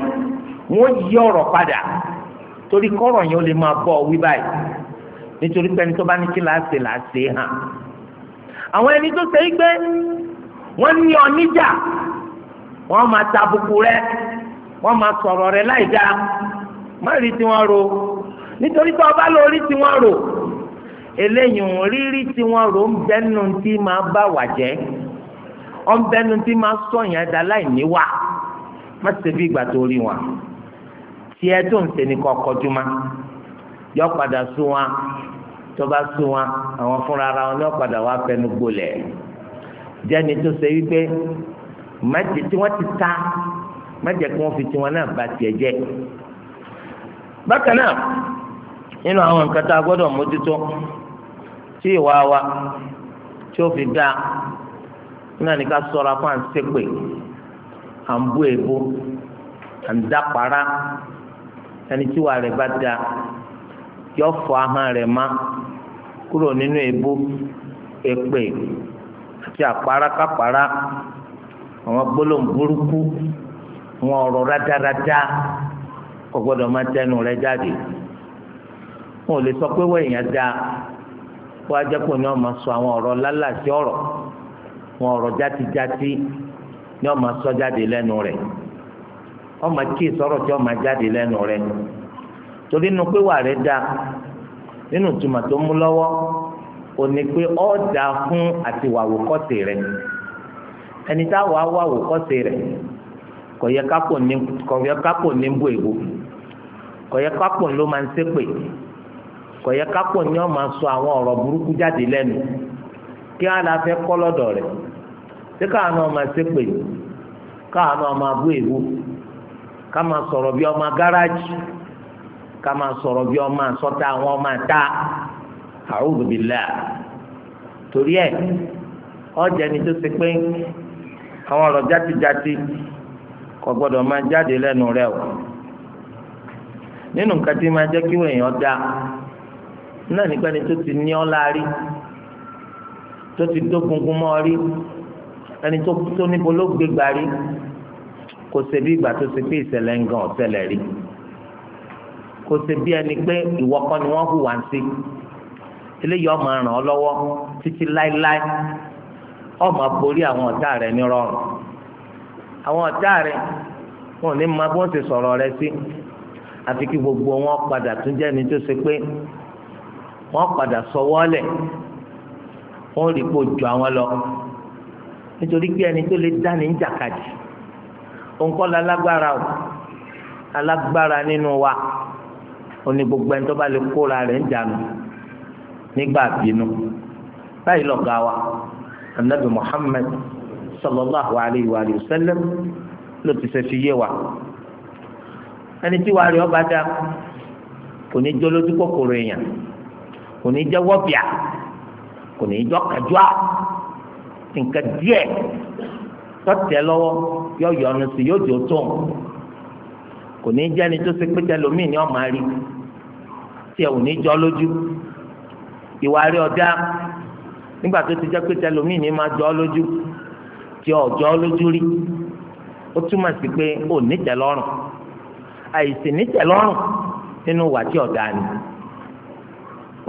wọ́n yí ọ̀rọ̀ padà torí kọ́rọ̀ yẹn ó lè máa bọ̀ wí báyìí nítorí pé ẹni tó bá ní kí láàṣẹ láàṣẹ hàn àwọn ẹni tó ṣe gbé wọ́n ní ọ níjà wọ́n máa tàbùkù rẹ wọ́n máa sọ̀rọ̀ rẹ láì dáa má rí tiwọn ro nítorí tó o bá lọ rí tiwọn ro eléyìí rírí tiwọn ro ń bẹnu tí máa bá wà jẹ́ ọ ń bẹnu tí máa sọ̀yàn dá láì níwà má ṣe bí ìgbà tó rí wọn tiẹ̀ tó ń ma yọ padà sún wa tọba sún wa àwọn fúnra ara wọn ní ọ̀padà wa fẹnu gbolẹ̀ jẹ́ni tó ṣe wípé májè tí wọ́n ti ta májè kí wọ́n fi tiwọn náà ba tiẹ̀ jẹ́ bákan náà nínú àwọn nǹkan tá a gbọ́dọ̀ mójútó tí ìwà wa tí ó fi dáa náà ní ká sọra fún à ń ṣépè à ń bú èbó à ń dápara ẹni tí ìwà rẹ̀ bá dáa yọ fọ ahọ́n rẹ̀ má kúrò nínú ebú èpè àti àparákàpará àwọn gbólóhùn burúkú wọn ọ̀rọ̀ rádaràdá kò gbọ́dọ̀ máa tẹnu jáde wọn ò lè sọ pé wọ́n èèyàn ní wọ́n sọ àwọn ọ̀rọ̀ lálàsí ọ̀rọ̀ sọ jáde kí tí jáde torí nu pé wà dáa. nínú ìtumọ̀ tó mú lọ́wọ́ ò ní pé ọ́ da fún àti wà wòkọ́sì rẹ̀ ẹni tá wàá wà wòkọ́sì rẹ̀ kò kápò ní bò èbò kò kápò ló máa ń ṣépè kò kápò ní ọ̀ máa sọ àwọn ọ̀rọ̀ burúkú jáde lẹ́nu kí á la fẹ́ kọ́ lọ́dọ̀ rẹ̀ Kama máa sọ̀rọ̀ bí ọmọ àsọta àwọn ọmọ àta a'udhu billah torí ẹ̀ ọjà ni tó ti pé àwọn ọ̀rọ̀ játijàti kò gbọ́dọ̀ máa jáde lẹ́nu rẹ̀ o nínú nǹkan tí máa jẹ́ kí èèyàn dá náà nígbà ni tó ti ní ọ́ láàrí tó ti dógungun mọ́ ọ rí ẹni tó níbo ló gbégbá rí kò ṣe bí tó ṣe pé ìṣẹ̀lẹ̀ ń gan ọ̀ṣẹ̀lẹ̀ rí kò ṣe bí ẹni pé ìwọ kọ́ ni wọ́n hùwà ń sí eléyìí ọmọ ràn ọ́ lọ́wọ́ títí láéláé ọmọ borí àwọn ọ̀tá rẹ ní rọrùn àwọn ọ̀tá rẹ wọn ò ní máa bí wọ́n ti sọ̀rọ̀ rẹ sí àfi kí gbogbo wọn padà tún jẹ́ ẹni tó ṣe pé wọ́n padà sọwọ́ lẹ̀ wọ́n rí kó ju àwọn lọ nítorí pé ẹni tó lè dání ń jàkadì òǹkọ́ la lágbára o alágbára nínú wa ó ní gbogbo ẹni tó bá lè kóra rẹ̀ ń jànú nígbà bínú báyìí lọ́gàá wa anabi muhammed sallallahu alayhi wa sallam ló ti ṣe fi yé wa ẹni tí wàá rí ọba dá kò ní jọ lójú kòkòrò èèyàn kò ní jẹ wọ́bìà kò ní jọ kájúà nǹkan díẹ̀ tọ́tẹ̀ lọ́wọ́ yọ yọnu sí yóò jò tó kò ní jẹ́ni tó ṣe pété lómìn ní ọ̀ma rí tiẹ̀ ò ní jọ lójú ìwà rí ọ̀dá nígbà tó ti jẹ́ pé tẹlómìn ní máa jọ lójú tí ọ̀jọ́ lójú rí ó túmọ̀ sí pé ò nítẹ̀lọ́rùn àìsí nítẹ̀lọ́rùn nínú ìwà tí ọ̀dà ni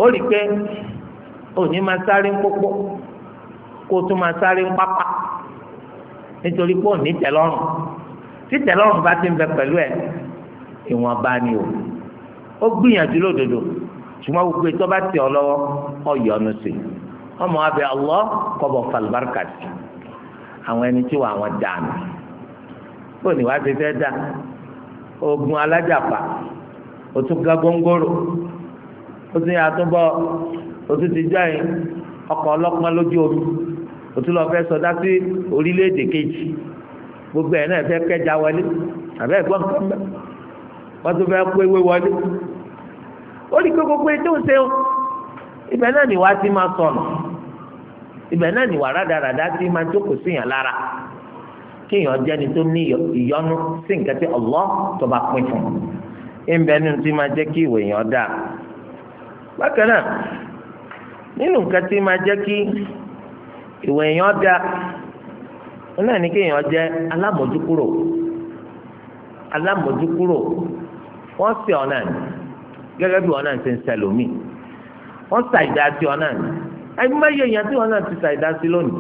ó rí i pé ò ní máa sáré ń kó o tún máa sáré ń pápá nítorí pé ò nítẹ̀lọ́rùn títẹ̀lọ́rùn bá ti ń bẹ pẹ̀lú ẹ̀ ìwọ̀nba ni o ó gbìyànjú lódodo ṣùgbọ́n gbogbo ètò bá tẹ̀ ọ́ lọ́wọ́ ọ̀yọ́ ọ̀nà sí ọmọ abẹ ọlọ́ kọ́bọ̀ falùbáríkà sí àwọn ẹni tí wọ́n àwọn dànù ó ní wàá ti fẹ́ dà ogun alájàpá ó tún ga góńgóró ó tún yà bọ́ ó tún ti jọ́ yìí ọkọ̀ ọlọ́pàá lójú omi ó tún lọ fẹ́ sọdá sí orílẹ̀-èdè kejì gbogbo ẹ̀ náà fẹ́ kẹjà wọlé àbẹ́ ẹ̀gbọ́n kan bẹ́ẹ̀. wọ́n tó fẹ́ kó ewé wọlé ó rí gbogbo ètò ìṣeun ibẹ̀ náà ni wàá ti máa sọnù ibẹ̀ náà ni wàá rádaràdá ti máa jókòó síyàn lára kéèyàn jẹ́ni tó ní ìyọnu sí nǹkan tí Allah tó bá pín fún un máa jẹ́ kí ìwé bákan náà nínú nǹkan tí máa jẹ́ kí ìwé náà ni jẹ́ alámòjúkúrò alámòjúkúrò wọ́n sẹ ọ náà ni gẹ́gẹ́ bí wọ́n náà ti ń sẹlómi wọ́n ṣàìdá sí ọ náà ni ẹbí má yẹ èèyàn tí wọ́n náà ti ṣàìdá sí lónìí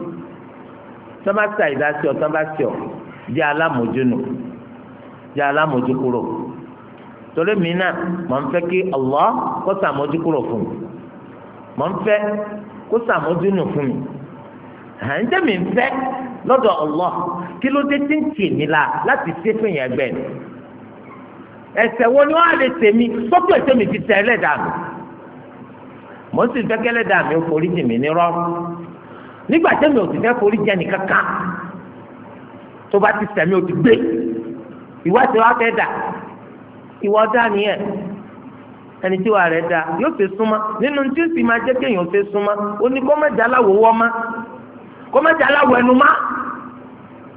tí wọ́n bá ṣàìdá sí ọ tí wọ́n bá sí ọ jẹ alámòjúnu jẹ alámòjúkúrò torí mi náà mọ̀ n fẹ́ kí Allah kó ṣàmójúkúrò fún mi mọ̀ n fẹ́ kó ṣàmójúnu fún mi à ń jẹ́ mi fẹ́ lọ́dọ̀ Allah kí ló dé tí ń tì mí la láti ṣe fún yẹn gbẹ̀ẹ́ ẹ̀ṣẹ̀ wo ni wọ́n á lè tèmi sọ́kù ẹ̀ṣẹ̀ mi ti tẹ̀ ẹlẹ́dàá mi mo sì fẹ́ kí ẹlẹ́dàá mi ó forí jì mí nírọ́ nígbà tẹ́mi ò sì fẹ́ forí jẹ nìkan kan tó bá ti sẹ̀mí o ti gbé ìwà tí wọ́n á dà ìwà ọ̀dà nìyẹn ẹni tí wà rẹ̀ da yóò ṣe súnmọ́ nínú tí ó sì máa jẹ́ kéèyàn ṣe súnmọ́ ó ní kọ́mẹ́jà aláwọ̀ wọ́ má kọ́mẹ́jà aláwọ̀ ẹnu má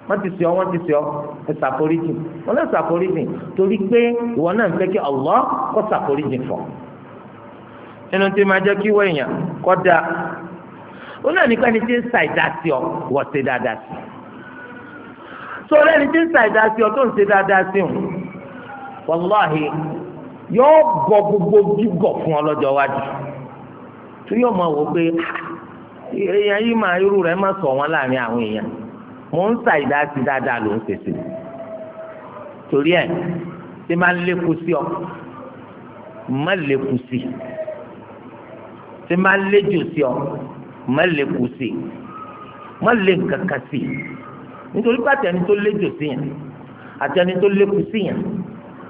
wọ́n ti sọ wọ́n ti sọ ẹ ṣàforíjì wọ́n náà ṣàforíjì torí pé ìwọ náà ń kí Allah kó ṣàforíjì fọ́ nínú tí jẹ́ kí wọ́n èèyàn kọ́ da ó náà nípa ẹni tí ń sa ìdá ọ wọ́n ṣe dáadáa sí tí ń sa ọ tó ń ṣe dáadáa sí ọ yóò gbogbo mò ń sa ìdá sí dáadáa ló ń pèsè torí ẹ tí máa ń lékun sí ọ má lékun sí tí máa ń léjò sí ọ má lékun sí má lé kankan sí nítorí pé àtẹni tó léjò sí yẹn àtẹni tó lékun sí yẹn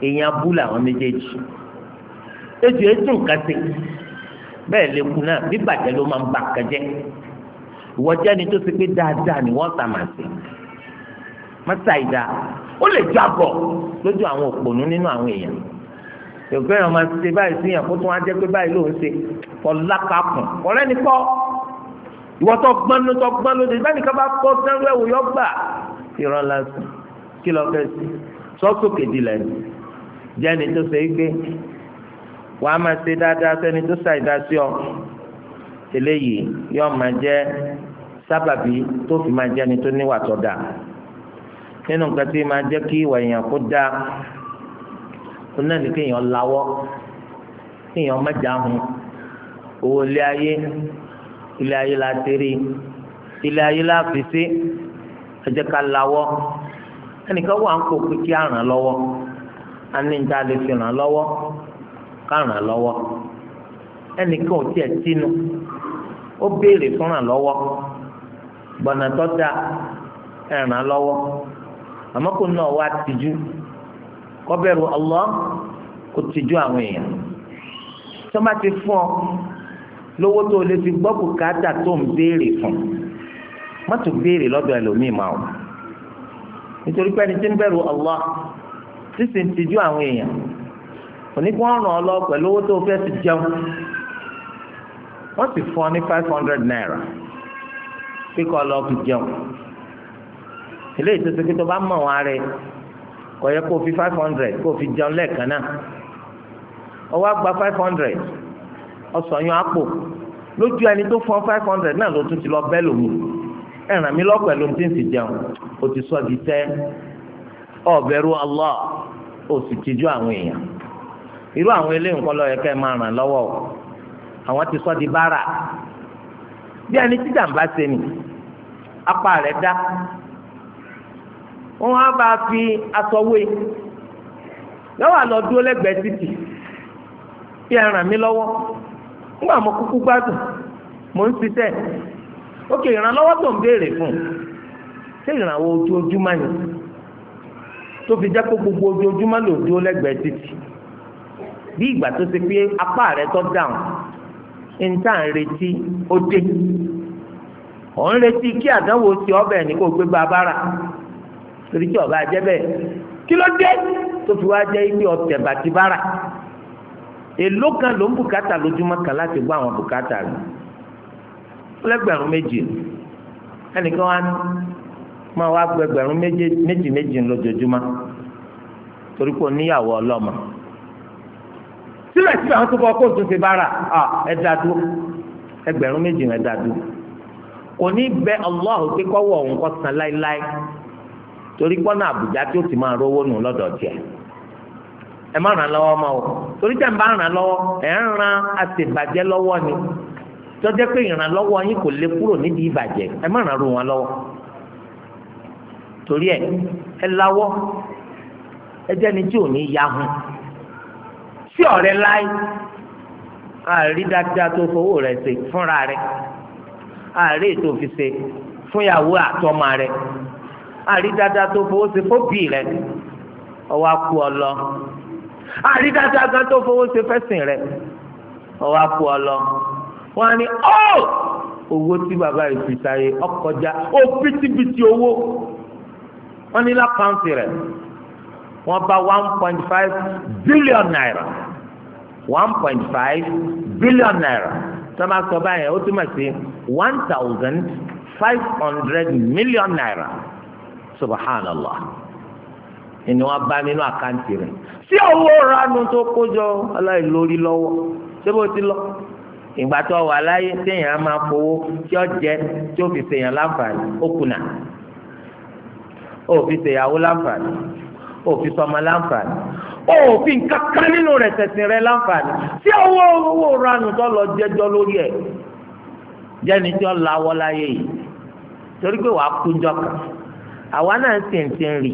èèyàn abú làwọn méjèèjì ètò ètò nǹkan sí bẹ́ẹ̀ lékun náà bí bàjẹ́ ló máa ń bà kẹjẹ́ ìwọ jẹ́ ni tó ṣe pé dáadáa ni wọ́n sàmà sí mọ́tà ìdá ó lè jábọ̀ lójú àwọn òpònú nínú àwọn èèyàn ìgbẹ́ yẹn máa ṣe báyìí sí yàn kó tún á jẹ́ pé báyìí ló ń ṣe ọ̀làkàkùn ọ̀rẹ́ ni kọ́ ìwọ tó gbọ́n ló tó gbọ́n ló dé báyìí ká bá kọ́ sẹ́rù ẹ̀wò yọ gbà ìrọ̀ lásán kí lọ fẹ́ sí sọ́sọ́kè dilẹ̀ ni jẹ́ni tó ṣe é gbé wàá máa ṣe dáadáa sẹ́ni tó ṣàìdá ọ eléyìí yọ máa jẹ́ sábàbí tó fi máa jẹ́ni tó níwà tó dáa nínú nǹkan tí máa jẹ́ kí ìwà èèyàn kó dáa ó náà ní kéèyàn lawọ́ kéèyàn mẹ́jà hun owó ilé ayé ilé ayé la ti rí ilé ayé la fi sí ẹ jẹ́ ká lawọ́ ẹnìkan wà ń kó kíkí àràn lọ́wọ́ a lè fi ràn lọ́wọ́ ká lọ́wọ́ ẹnìkan ò tiẹ̀ tínú ó béèrè fún ràn lọ́wọ́. gbọ̀nà tó da ẹ̀ràn lọ́wọ́ àmọ́ kò náà wá tìjú kó bẹ̀rù Allah kó tìjú àwọn èèyàn tó bá ti fún ọ lówó tó o lè fi gbọ́ bùkátà tó ń béèrè fún má tún béèrè lọ́dọ̀ ẹlòmíì máa wò nítorí pé ẹni tí ń bẹ̀rù sísìn tìjú àwọn èèyàn òní kí wọ́n ràn ọ́ lọ pẹ̀lú owó tó o fẹ́ ti jẹun wọ́n sì fún ọ ní five hundred naira. kíkọ́ lọ fi jẹun eléyìí tó sèké tó bá mọ̀ wọn rẹ kò yẹ kó fi five hundred kó fi jẹun lẹ́ẹ̀kan náà ọwọ́ àgbà five hundred ọ̀sọ̀yún àpò lójú ẹni tó fọ́n five hundred náà ló tún ti lọ bẹ́ẹ̀ lòmù ẹ̀ràn mi lọ́pọ̀ ló ń tí ń sì jẹun ó ti sọ di tẹ́ ọ̀bẹ̀rù Allah ó sì tijú àwọn èèyàn irú àwọn eléyìí ńkọ́ lọ́yẹ kẹ́ máa ràn lọ́wọ́ àwọn ti sọ di bára bí ẹni tí jàǹbá ṣe ni apá rẹ̀ dá wọn á bá fi aṣọ wé yóò lọ dúró títì bí ẹ ràn mí lọ́wọ́ nígbà mo kúkú gbádùn mo ń òkè tó fún ṣé yẹn tó fi jẹ́ pé gbogbo ojoojúmọ́ lò dúró lẹ́gbẹ̀ẹ́ títì bí ìgbà tó ṣe pé apá dáhùn níta ń retí ó dé ò ń retí kí àdánwò ti ọbẹ̀ ní kó gbé gba bára torí kí ọba jẹ́ bẹ́ẹ̀ kí ló dé tó fi wá jẹ́ ibi ọ̀tẹ̀ bàtí bára èló kan ló ń bùkátà lójúmọ́ kan láti gbọ́ àwọn bùkátà rẹ̀ lẹ́gbẹ̀rún meji ẹnìkan wá máa wá gbẹgbẹ̀rún méjì méjì lójoojúmọ́ torí kò níyàwó ọlọ́mọ. síbẹ̀síbẹ̀ àwọn tó bọ́ kó tó ṣe bára ẹ̀dá dúró ẹgbẹ̀rún méjì ẹ̀dá dúró kò ní bẹ Allah pé kọ́wọ́ òun kọ́ san láéláé torí pọ́nà àbújá tí ó ti máa rówó nù ẹ má ràn án lọ́wọ́ o torí tẹ̀ ń bá ràn án lọ́wọ́ ẹ̀ ń ran àtìbàjẹ́ ni tọ́jẹ́ pé ìrànlọ́wọ́ yín kò lè kúrò ìbàjẹ́ ẹ má ràn án lọ́wọ́ torí ẹ ẹ láwọ́ ẹ jẹ́ni tí ò ní yá sí ọ̀rẹ́ láì àárí dáadáa tó fowó rẹ̀ ṣe fúnra rẹ̀ àárí ètò fi ṣe fúnyàwó àtọmọ rẹ̀ àárí dáadáa tó fowó ṣe fóbì rẹ̀ ọwọ́ akú ọ lọ àárí dáadáa gan tó fowó ṣe fẹ́sìn rẹ̀ ọwọ́ akú ọ lọ wọn á ọ owó tí bàbá yìí fi sáyé ọkọjá ó bìtìbìtì owó wọn ní lápáǹtì rẹ̀ wọn bá one point five billion naira one point five billion naira tọ́ba sọ báyẹn ó túmọ̀ sí one thousand five hundred million naira subhanallah ni wọn bá nínú àkáǹtì rẹ sí owó ranu tó kójọ aláìlórí lọ́wọ́ ṣé bó ti lọ ìgbà tó wà láyé téèyàn máa fowó tí ó jẹ tí ó fi ṣèyàn láǹfààní ó kùnà ó fi ṣèyàwó láǹfààní ó fi sọmọ láǹfààní òfin kankan nínú rẹ̀ tẹ̀sìn rẹ̀ láǹfààní tí owó owó ranù tó lọ jẹjọ́ lórí ẹ̀ jẹ́ni tí ó lawọ́ láyé yìí torí pé wàá kújọ kan àwa náà ń sìn tí ń rì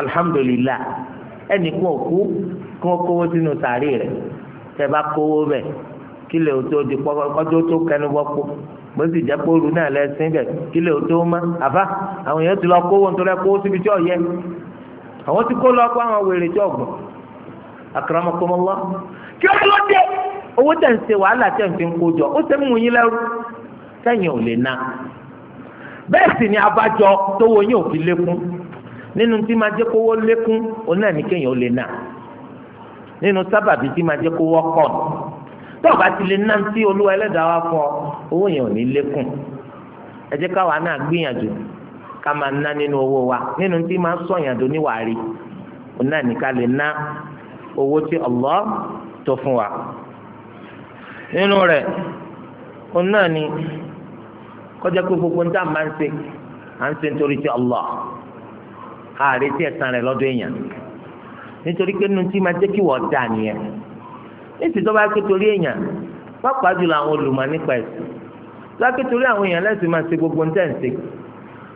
alhamdulilah ẹnì kan òkú kí wọ́n kówó sínú sàárè rẹ̀ tẹ́ bá kówó bẹ̀ kí lè o tó di pọ́ ọjọ́ tó kẹnu bọ́ pọ́ bó sì jẹ́ kóoru náà lẹ́sìn bẹ̀ kí lè o tó mọ́ àfa àwọn èèyàn ti lọ kówó nítorí kówó síbi tí ò yẹ àwọn tí kó lọ pé àwọn wèrè tí akara àkàràmọ́kọ́mọ́lá kí ó lọ dé owó tẹ̀ ń ṣe wàhálà tẹ̀ ń fi ń kó jọ ó tẹ̀ ń mú yín lẹ́rú ò lè na bẹ́ẹ̀ sì ni abájọ tó wo yín ò fi lékún nínú tí máa jẹ́ kówó lékún ní ò lè na nínú sábàbí tí máa jẹ́ kówó tó o bá ti lè ná tí olúwa ẹlẹ́dàá wa fọ owó yẹn ò gbìyànjú ká máa ná nínú owó wa nínú tí máa sọ̀yàn dùn níwàárí náà ní ká lè ná owó tí Allah tó fún wa nínú rẹ̀ òun náà ni kọjá pé gbogbo ń tà máa ń ṣe à ń ṣe nítorí ti Allah ààrẹ tí ẹ̀sán rẹ̀ lọ́dọ̀ èèyàn nítorí pé nínú tí máa jẹ́ kí wọ́n dà nìyẹn nítorí tó bá ké torí èèyàn pápá jùlọ àwọn olùmọ̀ nípa ẹ̀sìn láké torí àwọn èèyàn lẹ́sìn máa ṣe gbogbo ń tẹ̀ ń ṣe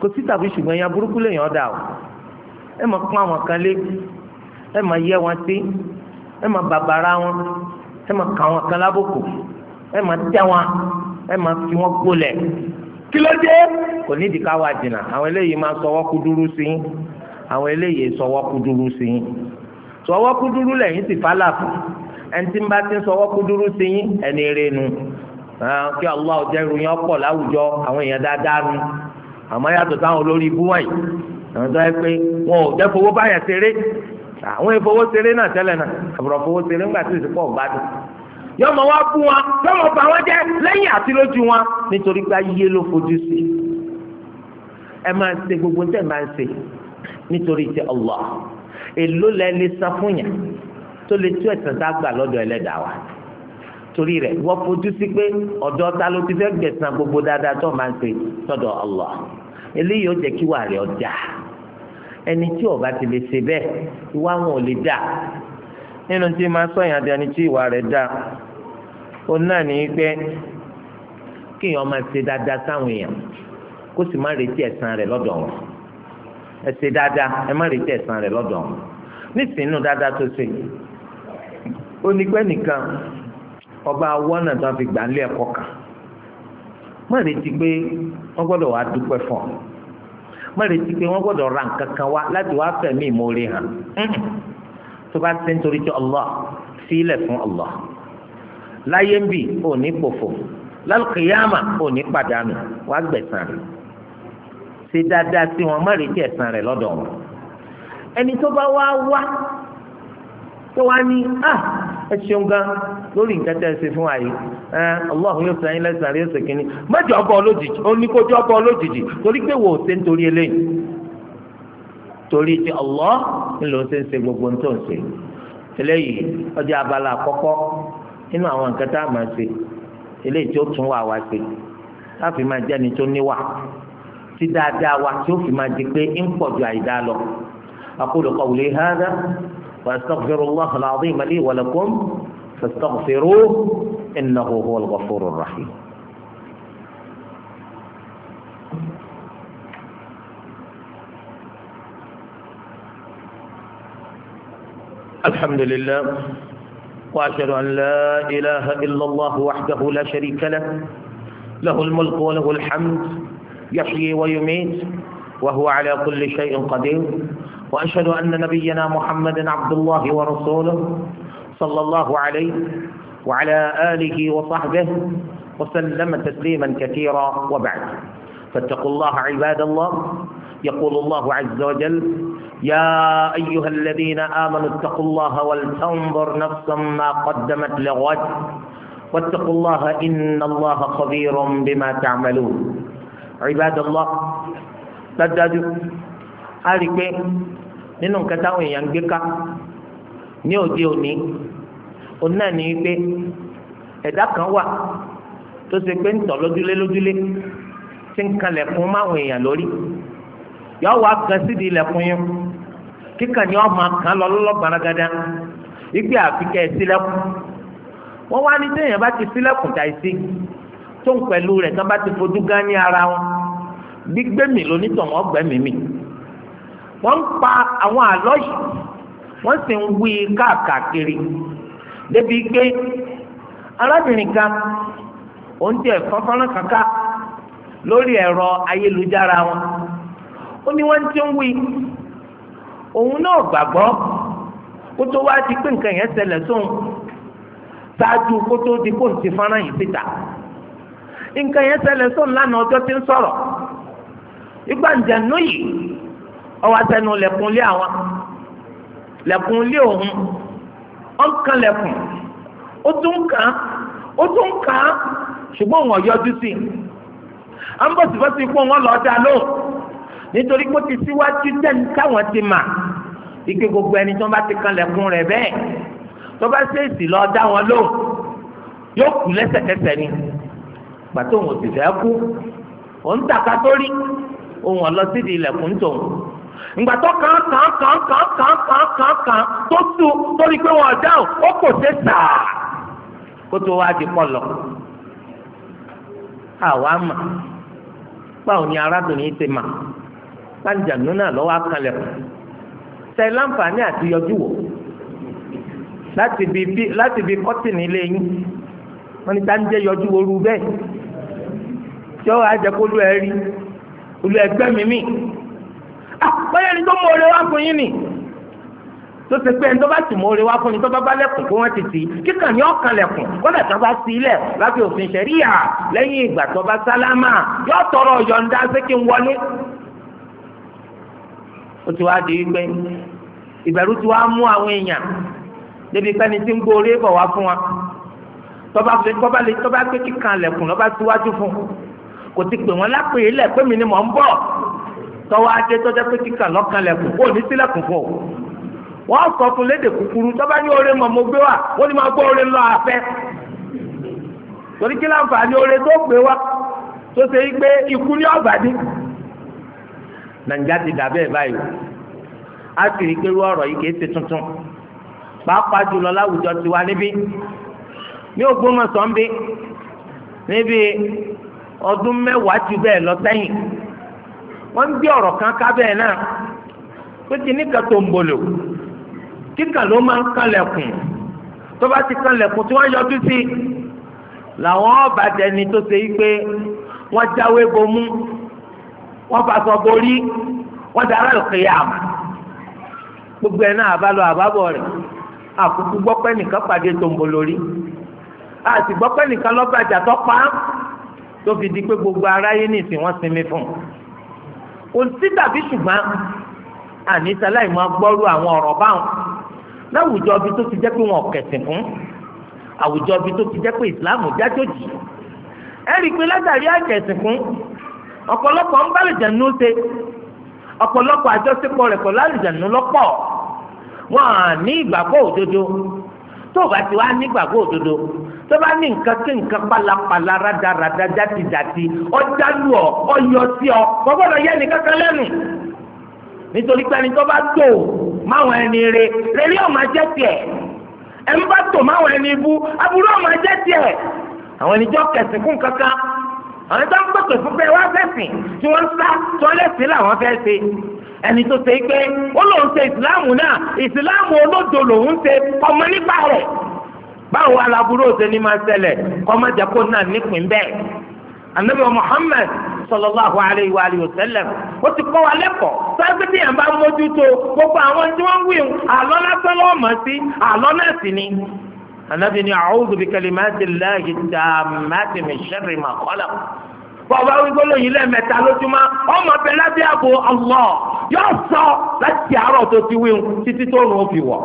kò sí tàbí ṣùgbọ́n ẹ̀yàn burúkú lèèyàn dà o ẹ máa pọ́n àwọn kan lé ẹ máa yẹ wọn sí ẹ máa bàbàrà wọn ẹ máa kà wọn kan lábòkù ẹ máa tẹ wọn ẹ máa fi wọn gbolẹ̀ kí ló dé kò nídìí ká wá jìnnà àwọn eléyìí máa sọ wọ́kú dúró sí i àwọn eléyìí sọ wọ́kú dúró sí i sọ wọ́kú dúró lẹ́yìn sì fálà fún ẹni tí ń bá ti ń sọ wọ́kú dúró sí i ẹni rẹ̀ nu kí Allah ọ̀jẹ̀ ìròyìn ọ̀pọ̀ láwùjọ àwọn èèyàn dáadáa nu àmọ́ yàtọ̀ sáwọn olórí ibú wáyé àwọn tó yẹ pé wọn ò jẹ́ fowó báyà ṣeré àwọn ìfowó ṣeré náà tẹ́lẹ̀ náà àbúrò fowó ṣeré ńgbà tí ìsìnkú ọ̀gbádùn yọmọ wa bú wọn yọmọ bà wọn jẹ́ lẹ́yìn àti lójú wọn nítorí pé ayé ló fojú sí ẹ máa ṣe gbogbo tẹ máa ń ṣe nítorí ti Allah èló lẹ lè san fún yàn tó lè tú ẹ̀sán tá a gbà lọ́dọ̀ ẹlẹ́dàá wa torí rẹ̀ wọ́n fojú sí pé ọ̀dọ́ ta ló ti fẹ́ gbẹ̀san gbogbo dáadáa tó máa ń ṣe sọ́dọ̀ Allah eléyìí ó jẹ́ kí wà rẹ̀ ọjà ẹni tí ó bá ti lè ṣe bẹ́ẹ̀ ìwà wọn ò lè dà nínú tí máa sọyìn àti ẹni tí ìwà rẹ̀ dà ó náà ní pé kéèyàn máa ṣe dáadáa sáwọn èèyàn kó sì má retí ẹ̀san rẹ̀ lọ́dọ̀ wọn ẹ ṣe dáadáa ẹ má retí ẹ̀san rẹ̀ lọ́dọ̀ wọn nísìnyínú dáadáa tó ṣe onígbẹ́ nìkan ọba awọ́nà tó fi gbà ń lé ẹ̀kọ́ kan má retí pé wọ́n gbọ́dọ̀ wá dúpẹ́ fún ọ má retí pé wọ́n gbọ́dọ̀ ra nǹkan kan wá láti wá fẹ̀mí ìmoore hàn tó bá ti ń torí tí Allah sílẹ̀ fún Allah láyé ń bì ò ní pòfò lálùkìyàmà ò ní pàdánù wá gbẹ̀san rẹ̀ ṣe dáadáa sí wọn má retí rẹ̀ lọ́dọ̀ wọn ẹni tó bá wá wá tó wá ní ah, ẹ ṣeun gan lórí nǹkan tẹ́ ẹ ṣe fún àyè ẹ ọlọ́run yóò sẹ́yìn lẹ́sàn-án yóò sèké ní mẹ́jọ ọbọ̀ lójijì ó ní kójú ọbọ̀ lójijì torí pé wò ó ṣe ń torí eléyìí torí ti Allah ń lò ó ṣe ń ṣe gbogbo ń tó ń ṣe eléyìí ọjọ́ abala àkọ́kọ́ nínú àwọn nǹkan tá a máa ṣe eléyìí tí ó tún wà wá ṣe láfi máa jẹ́ni tó níwà tí dáadáa wa tí ó fi máa di pé ń pọ̀ ju àìdá lọ aqulu qawli hadha wa astaghfirullaha al-azim li فاستغفروه إنه هو الغفور الرحيم الحمد لله وأشهد أن لا إله إلا الله وحده لا شريك له له الملك وله الحمد يحيي ويميت وهو على كل شيء قدير وأشهد أن نبينا محمد عبد الله ورسوله صلى الله عليه وعلى آله وصحبه وسلم تسليما كثيرا وبعد فاتقوا الله عباد الله يقول الله عز وجل يا أيها الذين آمنوا اتقوا الله ولتنظر نفسا ما قدمت لغد واتقوا الله إن الله خبير بما تعملون عباد الله dájú a rí i pé nínú ní òde òní òun náà ní pé ẹ̀dá kan wà tó ṣe pé ń tọ̀ lójúlé lójúlé tí ń kalẹ̀kùn máwọn èèyàn lórí yóò wá gan sídìí ilẹ̀kùn yẹn kíkàn ni wọ́n máa kàn lọ lọ́lọ́gbàragada igbe àfikẹ́ sílẹ̀kùn wọ́n wá ní téèyàn bá ti sílẹ̀kùn tàìsí tó ń pẹ̀lú rẹ̀ tán bá ti fojú gán ní ara wọn gbígbẹ́mì lónítọ̀ wọ́n gbẹ́mìí mi wọ́n ń pa àwọn àlọ́ yìí wọ́n sì ń wí káàkiri débi pé arábìnrin kan òun tiẹ̀ fọ́fọ́rán lórí ẹ̀rọ ayélujára wọn ó ní wọ́n ti ń wí òun náà gbàgbọ́ kó tó wá ti pé nǹkan yẹn ṣẹlẹ̀ sóun ṣáájú kó tó di kó n ti fọ́nrán yìí síta nǹkan yẹn ṣẹlẹ̀ sóun lánàá ọjọ́ ń sọ̀rọ̀ ìgbà lẹ̀kùn ilé òun ó ń kan lẹ̀kùn ó tún kàn án ó tún kàn án ṣùgbọ́n òun ọ̀yọ́jú sí i à ń bọ̀ sí fọ́sí pé wọ́n lọ́ọ́ dá lóhùn nítorí pé ó ti síwájú tẹ́ni táwọn ti mà ike gbogbo ẹni tó bá ti kan lẹ̀kùn rẹ̀ bẹ́ẹ̀ tó bá ṣèèsì lọ́ọ́ dá wọn lóhùn yóò kú lẹ́sẹ̀kẹsẹ̀ ni pàtó òun ò sì fẹ́ kú òun tàkà tó rí òun ọ̀lọ́sídìí ilẹ̀kùn tòun ìgbàtọ́ kan kan kan kan kan kan kan kan tó tu torí pé wọn dáhùn ó kò ṣe sàá kó tó wá di pọ̀ lọ. àwa mà báwo ni arábìnrin ti mà pàǹjànú náà lọ́wọ́ akalẹ̀ kù ṣe láǹfààní àti yọjú wò láti bi bí láti bi kọ́tìnì ilé yín wọ́n ní táǹjẹ́ yọjú ooru bẹ́ẹ̀ tí ó wàá jẹ́ kó lú ẹ rí olú ẹgbẹ́ mímì bóyá ẹni tó mọ̀ọ́rẹ́ wá fún yín nì tó ṣe pé ẹni tó bá sì mọ̀ọ́rẹ́ wá fún ni tó bá bá lẹ́kùn kó wọ́n ti tì í kíkà ní ọ̀kan lẹ́kùn kódà tó bá sí ilẹ̀ lábẹ́ òfin ṣẹ̀ríyà lẹ́yìn ìgbà tó bá sálámà yóò tọrọ yọ̀ǹda ṣé kí n wọlé. ó ti wá di wípé ìbẹ̀rù ti wá mú àwọn èèyàn débi pẹ́ni tí ń gbóore bọ̀ wá fún wa tọ́ba fi tọ́ba lè tọ́ba pé pé mi ni mò tọ́wọ́ ajé tọ́jọ́ pé kíkà lọ́kànlẹ̀kùn ní sílẹ̀kùn fún ọ. wọ́n sọ fún léde kúkúrú tọ́ba ní oore mọ̀ mo gbé wọ́n ní máa gbọ́ oore lọ àfẹ́. torí kí láǹfààní oore tó gbé wá tó ṣe ikú ní nàìjíríà ti dà bẹ́ẹ̀ báyìí a ọ̀rọ̀ yìí kìí ṣe tuntun pàápàá jùlọ láwùjọ níbí ní ọdún mẹ́wàá ju bẹ́ẹ̀ wọ́n ń gbé ọ̀rọ̀ kan kábẹ́ náà ó ti ní kẹtò ń bolo kíkà ló máa ń kanlẹ̀kùn tó bá ti kanlẹ̀kùn tí wọ́n yọjú sí làwọn ọba dẹni tó ṣe pé wọ́n jáwé bomú wọ́n fasọ borí wọ́n dára lùkìyàm gbogbo ẹ̀ náà àbálọ àbábọ̀ rẹ̀ àkókò gbọ́pẹ́ nìkan pàdé tó ń bolo rí àti gbọ́pẹ́ nìkan lọ́bàjà tó pa tó fi di pé gbogbo aráyé nìsín wọ́n sinmi fún un òsì tàbí ṣùgbọ́n àníṣe aláìmọ́ gbọ́rú àwọn ọ̀rọ̀ báwọn láwùjọ ibi tó ti jẹ́ pé wọn kẹ̀sìn fún àwùjọ ibi tó ti jẹ́ pé ìsìláàmù jájòjì ẹ rí i pé látàrí àìkẹ̀sìn fún ọ̀pọ̀lọpọ̀ ń bá àlùjànnú ṣe ọ̀pọ̀lọpọ̀ àjọṣepọ̀ rẹ̀ pẹ̀lú àlùjànnú lọ́pọ̀ wọn à ní ìgbàgbọ́ òdodo tó o bá ti wá ní ìgbàgbọ́ òdodo tó bá ní nǹkan kí nǹkan pálapàla rádaràda játidàti ọjà lù ọ ọyọ sí ọ gbọgbọdọ yẹ ẹnì kankan lẹ́nu nítorí pé ẹni tó bá tó máwọn ẹni rè rèé ọmọ ajẹ tiẹ̀ ẹ ń bá tó máwọn ẹni bú aburú ọmọ ajẹ tiẹ̀ àwọn ẹni jọ kẹsìn fún kankan àwọn tó ń pèsè fún pé wọn fẹ́ sìn tí wọn sá tí wọn lẹsìn làwọn fẹ́ ṣe ẹni tó ṣe pé ó lòun ṣe ìsìláàmù náà ìsìláàmù olódo lòun ṣe ọmọ nípa rẹ̀ báwo aláburú òsè ni máa ṣẹlẹ̀ kọ́mọ́jà kó náà nípìn bẹ́ẹ̀ anabi muhammed sallallahu alayhi wa alayhi wa sallam ó ti kọ́ wa lẹ́kọ̀ọ́ sáyẹ́pẹ́ tí yẹn bá mójútó gbogbo àwọn tí wọ́n ń wí àlọ́ lásán lọ́wọ́ mọ̀ sí àlọ́ náà sì ni. anabi ni a'udhu bi kalimati llahi tammati min sharri ma khalaq bọ́ọ̀bá wí gbólóyìn lẹ́ẹ̀mẹ́ta lójúmọ́ ọmọ bẹ lábẹ́ ààbò Allah yóò sọ láti àárọ̀ tó ti wí títí tó rùn ó wọ̀.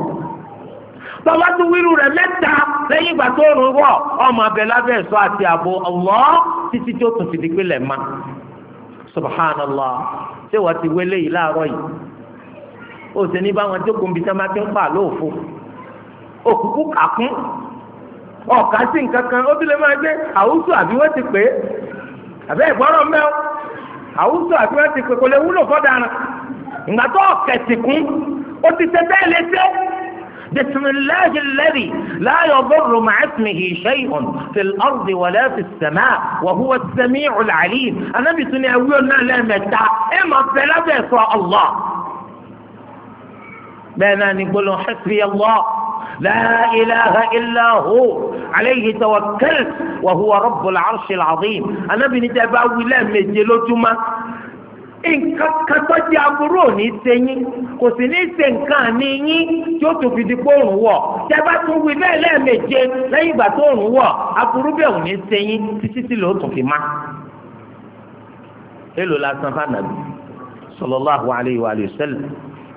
tọ́ba tún wíru rẹ̀ mẹ́ta lẹ́yìn ìgbà tó rùn wọ̀ ọmọ abẹ lábẹ́ ẹ̀ṣọ́ àti Allah títí tó tún di pé subhanallah ṣé wọ́n ti wélé yìí láàárọ̀ yìí ó sì ní báwọn tó kùn bí sẹ́ma ti ń pa lóòfo òkùnkùn kàkún ọ̀ka sí nǹkan kan ó tún lè máa gbé àwùjọ àbí wọ́n ti pè é àbẹ́ ìgbọ́rọ̀ àwùjọ àbí wọ́n ti pè kò lè wúlò fọ́daràn ìgbà بسم الله الذي لا يضر مع اسمه شيء في الأرض ولا في السماء وهو السميع العليم النبي سنة أولنا لا متع إما الثلاثة الله بينا نقول حسبي الله لا إله إلا هو عليه توكلت وهو رب العرش العظيم النبي نتباوي لا مجلوتما nǹkan kan tó jẹ́ aburú ò ní ṣe yín kò sì ní ṣe nǹkan ní yín tí ó tó fi di pé òrùn wọ̀ tẹ́gbà tó wí bẹ́ẹ̀ lẹ́ẹ̀méje lẹ́yìn ìgbà tó òrùn wọ̀ aburú bẹ́ẹ̀ ò ní ṣe yín títí tí ló tún fi má. lásán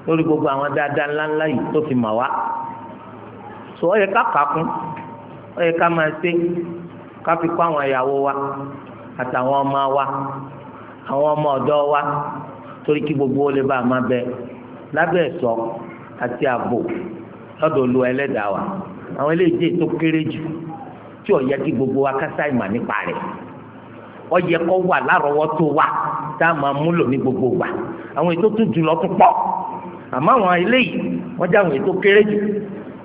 lórí gbogbo àwọn dáadáa ńláńlá yìí fi mà wá. sọ ọ yẹ ká kàkún ọ yẹ fi àwọn àwọn ọmọ ọ̀dọ́ wa gbogbo ó bá a máa bẹ lábẹ́ àti ààbò lọ́dọ̀ lu ẹlẹ́dàá wa àwọn eléyìí tó kéré jù tí yẹ kí gbogbo wa kásá ìmọ̀ nípa rẹ̀ ọ yẹ wà wa tá a máa ní gbogbo wa àwọn ètò tó tó pọ̀ àmọ́ àwọn eléyìí wọ́n jẹ́ àwọn ètò kéré jù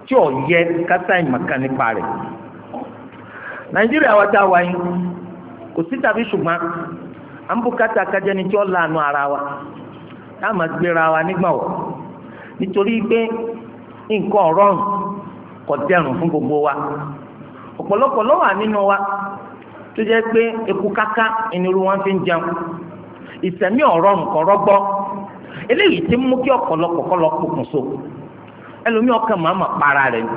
tí yẹ kásá ìmọ̀ kan nípa rẹ̀ nàìjíríà wa kò sí tàbí ṣùgbọ́n à ń bùkátà kájẹni tí ó lànà ara wa tá máa gbéra wa nígbà wọ nítorí pé nǹkan ọ̀rọ̀rùn kò dẹrùn fún gbogbo wa ọ̀pọ̀lọpọ̀ ló wà nínú wa tó jẹ́ pé eku kaka ìnirú wọn fi ń jẹun ìsẹ̀mí ọ̀rọ̀rùn kò rọ́gbọ́ eléyìí ti mú kí ọ̀pọ̀lọpọ̀ kọ́ lọ pokùn so ẹlòmíì ọkàn màmá para rẹ̀ ni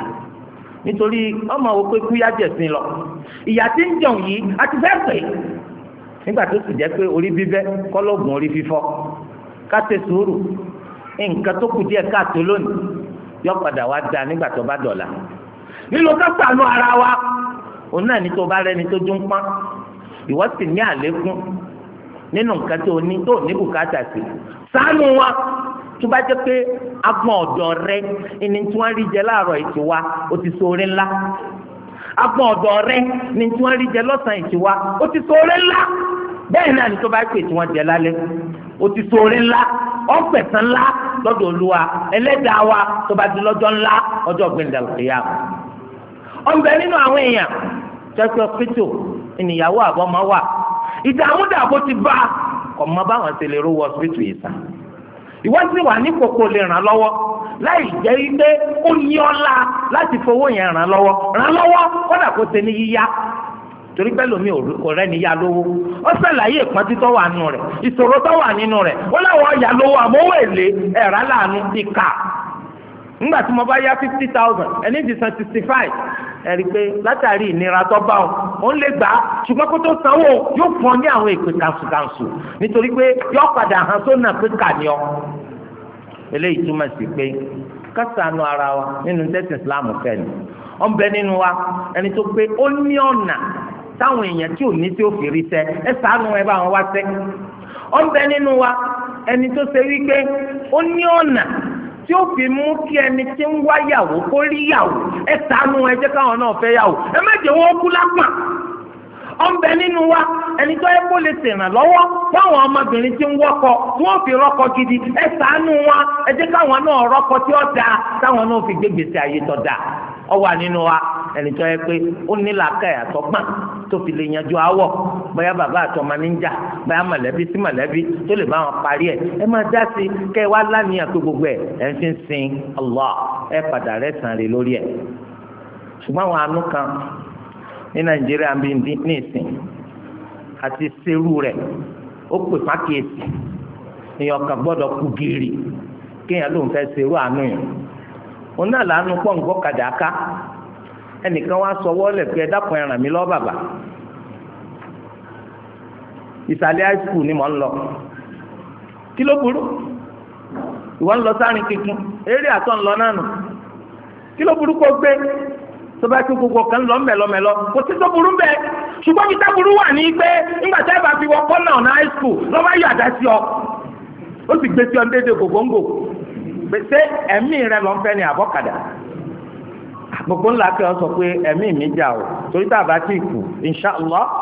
nítorí ọmọ wo pé kú yá lọ ìyá ti ń jẹun yìí àti fẹ́ pè é nígbà tó sì jẹ́ pé orí bíbẹ́ kọ́lọ́gùn orí fífọ́ káṣe sùúrù nǹkan tó kù díẹ̀ káàtó lónìí yọ padà wá da nígbà tó bá dọ̀la lílo kápánù ara wa òun náà ní tó bá rẹni tó dún pọ́n ìwọ sì ní àlékún nínú nǹkan tó ní tó ní bùkátà sí ṣàánú wa tó bá jẹ́ pé agbọ̀n ọ̀dọ̀ rẹ ẹni tí wọ́n rí jẹ láàárọ̀ ètò wa ó ti so orí ńlá agbọn ọ̀dọ̀ rẹ ni tí wọ́n rí jẹ lọ́sàn-án ìtiwa ó ti sóore ńlá bẹ́ẹ̀ náà ni tó bá pè tí wọ́n jẹ lálẹ́ ó ti sóore ńlá ọ̀pẹ̀sán ńlá lọ́dọ̀ olúwa ẹlẹ́dàá wa tó bá di lọ́jọ́ ńlá ọjọ́ gbẹ̀ndàlùkìyà ọ̀nbẹ nínú àwọn èèyàn tẹ́tọ́ pító ìníyàwó àbọ̀mọ́ wà ìdààmú dàbó ti bá ọmọ báwọn ṣe lè rówó ọsibítù ìwọ sì wà ní kòkò lè ràn lọ́wọ́ láì jẹ́ pé ó ní ọlá láti fowó yẹn ràn lọ́wọ́ ràn lọ́wọ́ kódà kó ṣe ní yíyá torí bẹ́ẹ̀ lomi ò rẹ́ ni ya lówó ó sàlàyé ìpọ́ntí tó wà nínú rẹ̀ ìṣòro tó wà nínú rẹ̀ ó láwọn ọ̀yà lówó èlé ẹ̀rá láàánú ti kà nígbà tí mo bá yá fifty thousand ẹ̀rí pé látàrí ìnira tó bá òun lè gbà á tó sanwó yóò fún ní àwọn èpè kanṣukanṣu nítorí pé yóò padà hàn nà pé kà ní ọ. eléyìí túmọ̀ sí pé kásánù ara wa nínú tẹ́sí ìsìláàmù fẹ́ni nínú wa ẹni ó ní ọ̀nà táwọn èèyàn tí ní tí ó fi rí ẹ ẹ bá wọn wá nínú wa ẹni tí ó fi mú kí ẹni tí ń wá yàwó kó rí yàwó ẹ ṣàánú ẹ jẹ́ káwọn náà fẹ yàwó ẹ má wọn kú lápá nínú wa ẹni tó yẹ kó lè fáwọn ọmọbìnrin tí ń wọn fi gidi ẹ ṣàánú wọn ẹ káwọn náà rọ́kọ tí ó náà fi ọ wà nínú wa ẹni tó yẹ pé ó ní làákàyà tó gbọ́n tó fi lè yanjú awọ bóyá bàbá àtọmọ níjà bóyá mọ̀lẹ́bí sí mọ̀lẹ́bí tó lè bá wọn parí ẹ ẹ máa dá sí kẹ wá lánìyàn tó gbogbo ẹ̀ ẹ̀ ń fi ń sin Allah ẹ padà rẹ̀ sàn rè lórí ẹ̀. ṣùgbọ́n àwọn àánú kan ní nàìjíríà ń bí ní ìsìn àti serú rẹ̀ ó pè fákìyèsí èèyàn kan gbọ́dọ̀ kú gírì kéèyàn ló fẹ́ serú àánú yẹn òun náà làánú pọ̀ ń gbọ́ kàdáká ẹnìkan wá sọwọ́ lẹ̀ pé ẹ dákun ẹ ràn high school ni mo n lọ kí ló burú ìwọ ń lọ sárin kíkún eré àtọ̀ ń gbogbo kan lọ mẹlọmẹlọ ko sí tó burú mi wà ní pé nígbà tá ẹ bá high school lọ́wọ́ si sí ọ ó ọ pèsè ẹ̀mí rẹ lọ fẹ́ ni àbọ̀kadà gbogbo ńlá ọ sọ pé ẹ̀mí mi jà o torí tá a bá ti kù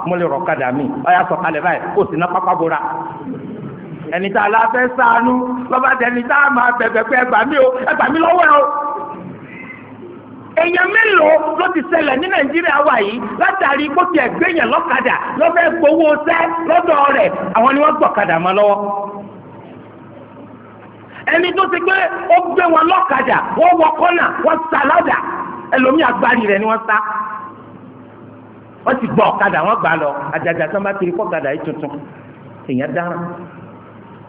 mo lè rọ̀ kadà mi ọ̀yà sọ kalẹ̀ báyìí kò sí ná pápá bora ẹni tá a la fẹ́ sànú lọ́ba tẹni tá a máa bẹ̀bẹ̀ pé mi o ẹgbàá mi lọ́wọ́ ẹni tó ti pé ó gbé wọn lọ́kadà wọ́n wọ kọ́nà wọ́n sá lọ́dà ẹlòmíì agbárí rẹ̀ ni wọ́n sá wọ́n ti gbọ́ ọ̀kadà wọ́n gbà lọ àjàjà tó ń bá kiri kọ́kadà yìí tuntun èèyàn dáhùn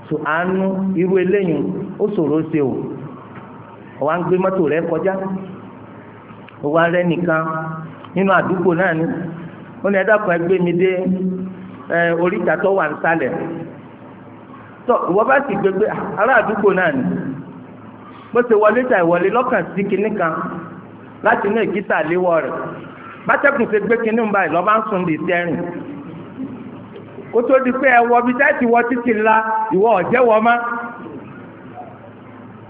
tó àánú irú eléyìí ó ṣòro ṣe o ń gbé mọ́tò rẹ̀ kọjá tọ́ ìwọ bá sì gbégbé ah, ará àdúgbò náà ni bó ṣe wọlé ta ìwọlé lọ́kàn sí kinní kan láti inú ìkíta léwọ́ rẹ̀ bátẹ́kùn ṣe gbé kinní ń báyìí lọ́ba ń sùn lè tẹ́rìn kó tó di pé ẹwọ́ bí táyì ti wọ títì la ìwọ ọ̀jẹ́ wọ má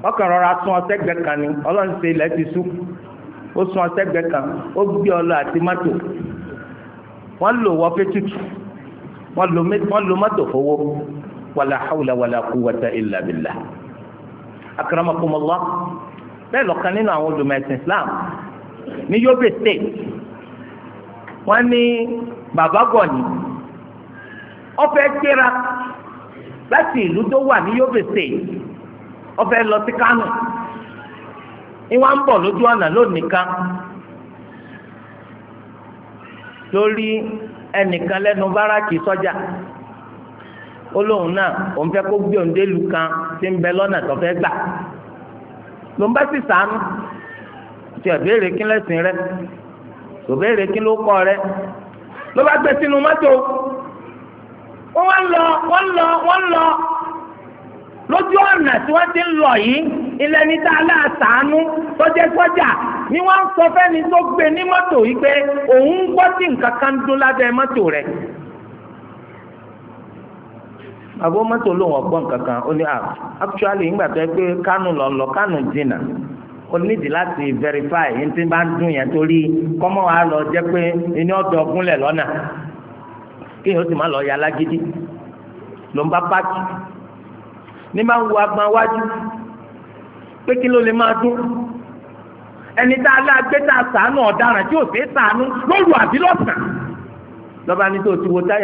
ọkàn rọra sun ọsẹ gbẹ kan ni ọlọ́run ṣe ilẹ̀ ti sú ó sun ọsẹ gbẹ kan ó gbé ọlọ àti mọ́tò wọ́n lò wọ́n fẹ́ tutù wọ́n lò mọ́tò fowó. Wala hawla wàlà quwwata illa billah akramakumullah bẹ́ẹ̀ lọ́kàn nínú àwọn olùmẹ̀sìn islam ni Yobe state wọ́n ní bàbá gọ̀ọ̀nì ó fẹ́ kéra láti ìlú tó wà ní Yobe state ó fẹ́ lọ sí Kánò ìwà ń bọ̀ lójú ọ̀nà lónìí kan lórí ẹnìkan báràkì So ó lóun náà òun fẹ́ kó gbé òun délu kan tí ń bẹ lọ́nà tó fẹ́ gbà ló ń bá sì sànú tí ọ̀bẹ́rẹ́ kí lẹ́sìn rẹ ọ̀bẹ́rẹ́ kí ló kọ́ rẹ ló bá gbé sínú mọ́tò wọ́n lọ wọ́n lọ wọ́n lọ lójú ọ̀nà tí wọ́n ti ń lọ yìí ilẹ̀ ní tá tọ́jẹ́ sọ́jà ni wọ́n ń sọ fẹ́ni tó gbé ní mọ́tò yìí pé òun gbọ́ sí nǹkan kan dún lábẹ́ mọ́tò rẹ̀. àbọ̀ mọ́tò lòun onye kankan ó ní à ah, actually ńgbà tó yẹ pé lọ lọ kánù jìnnà ó nídìí láti verify ní tí bá ń yẹn torí kọ́mọ́ wa lọ jẹ́ pé iní ọ̀dọ̀ gúnlẹ̀ lọ́nà kí yóò sì má lọ ya lágídí ló ń bá pààkì ní máa ń wo agbọn wájú pé kí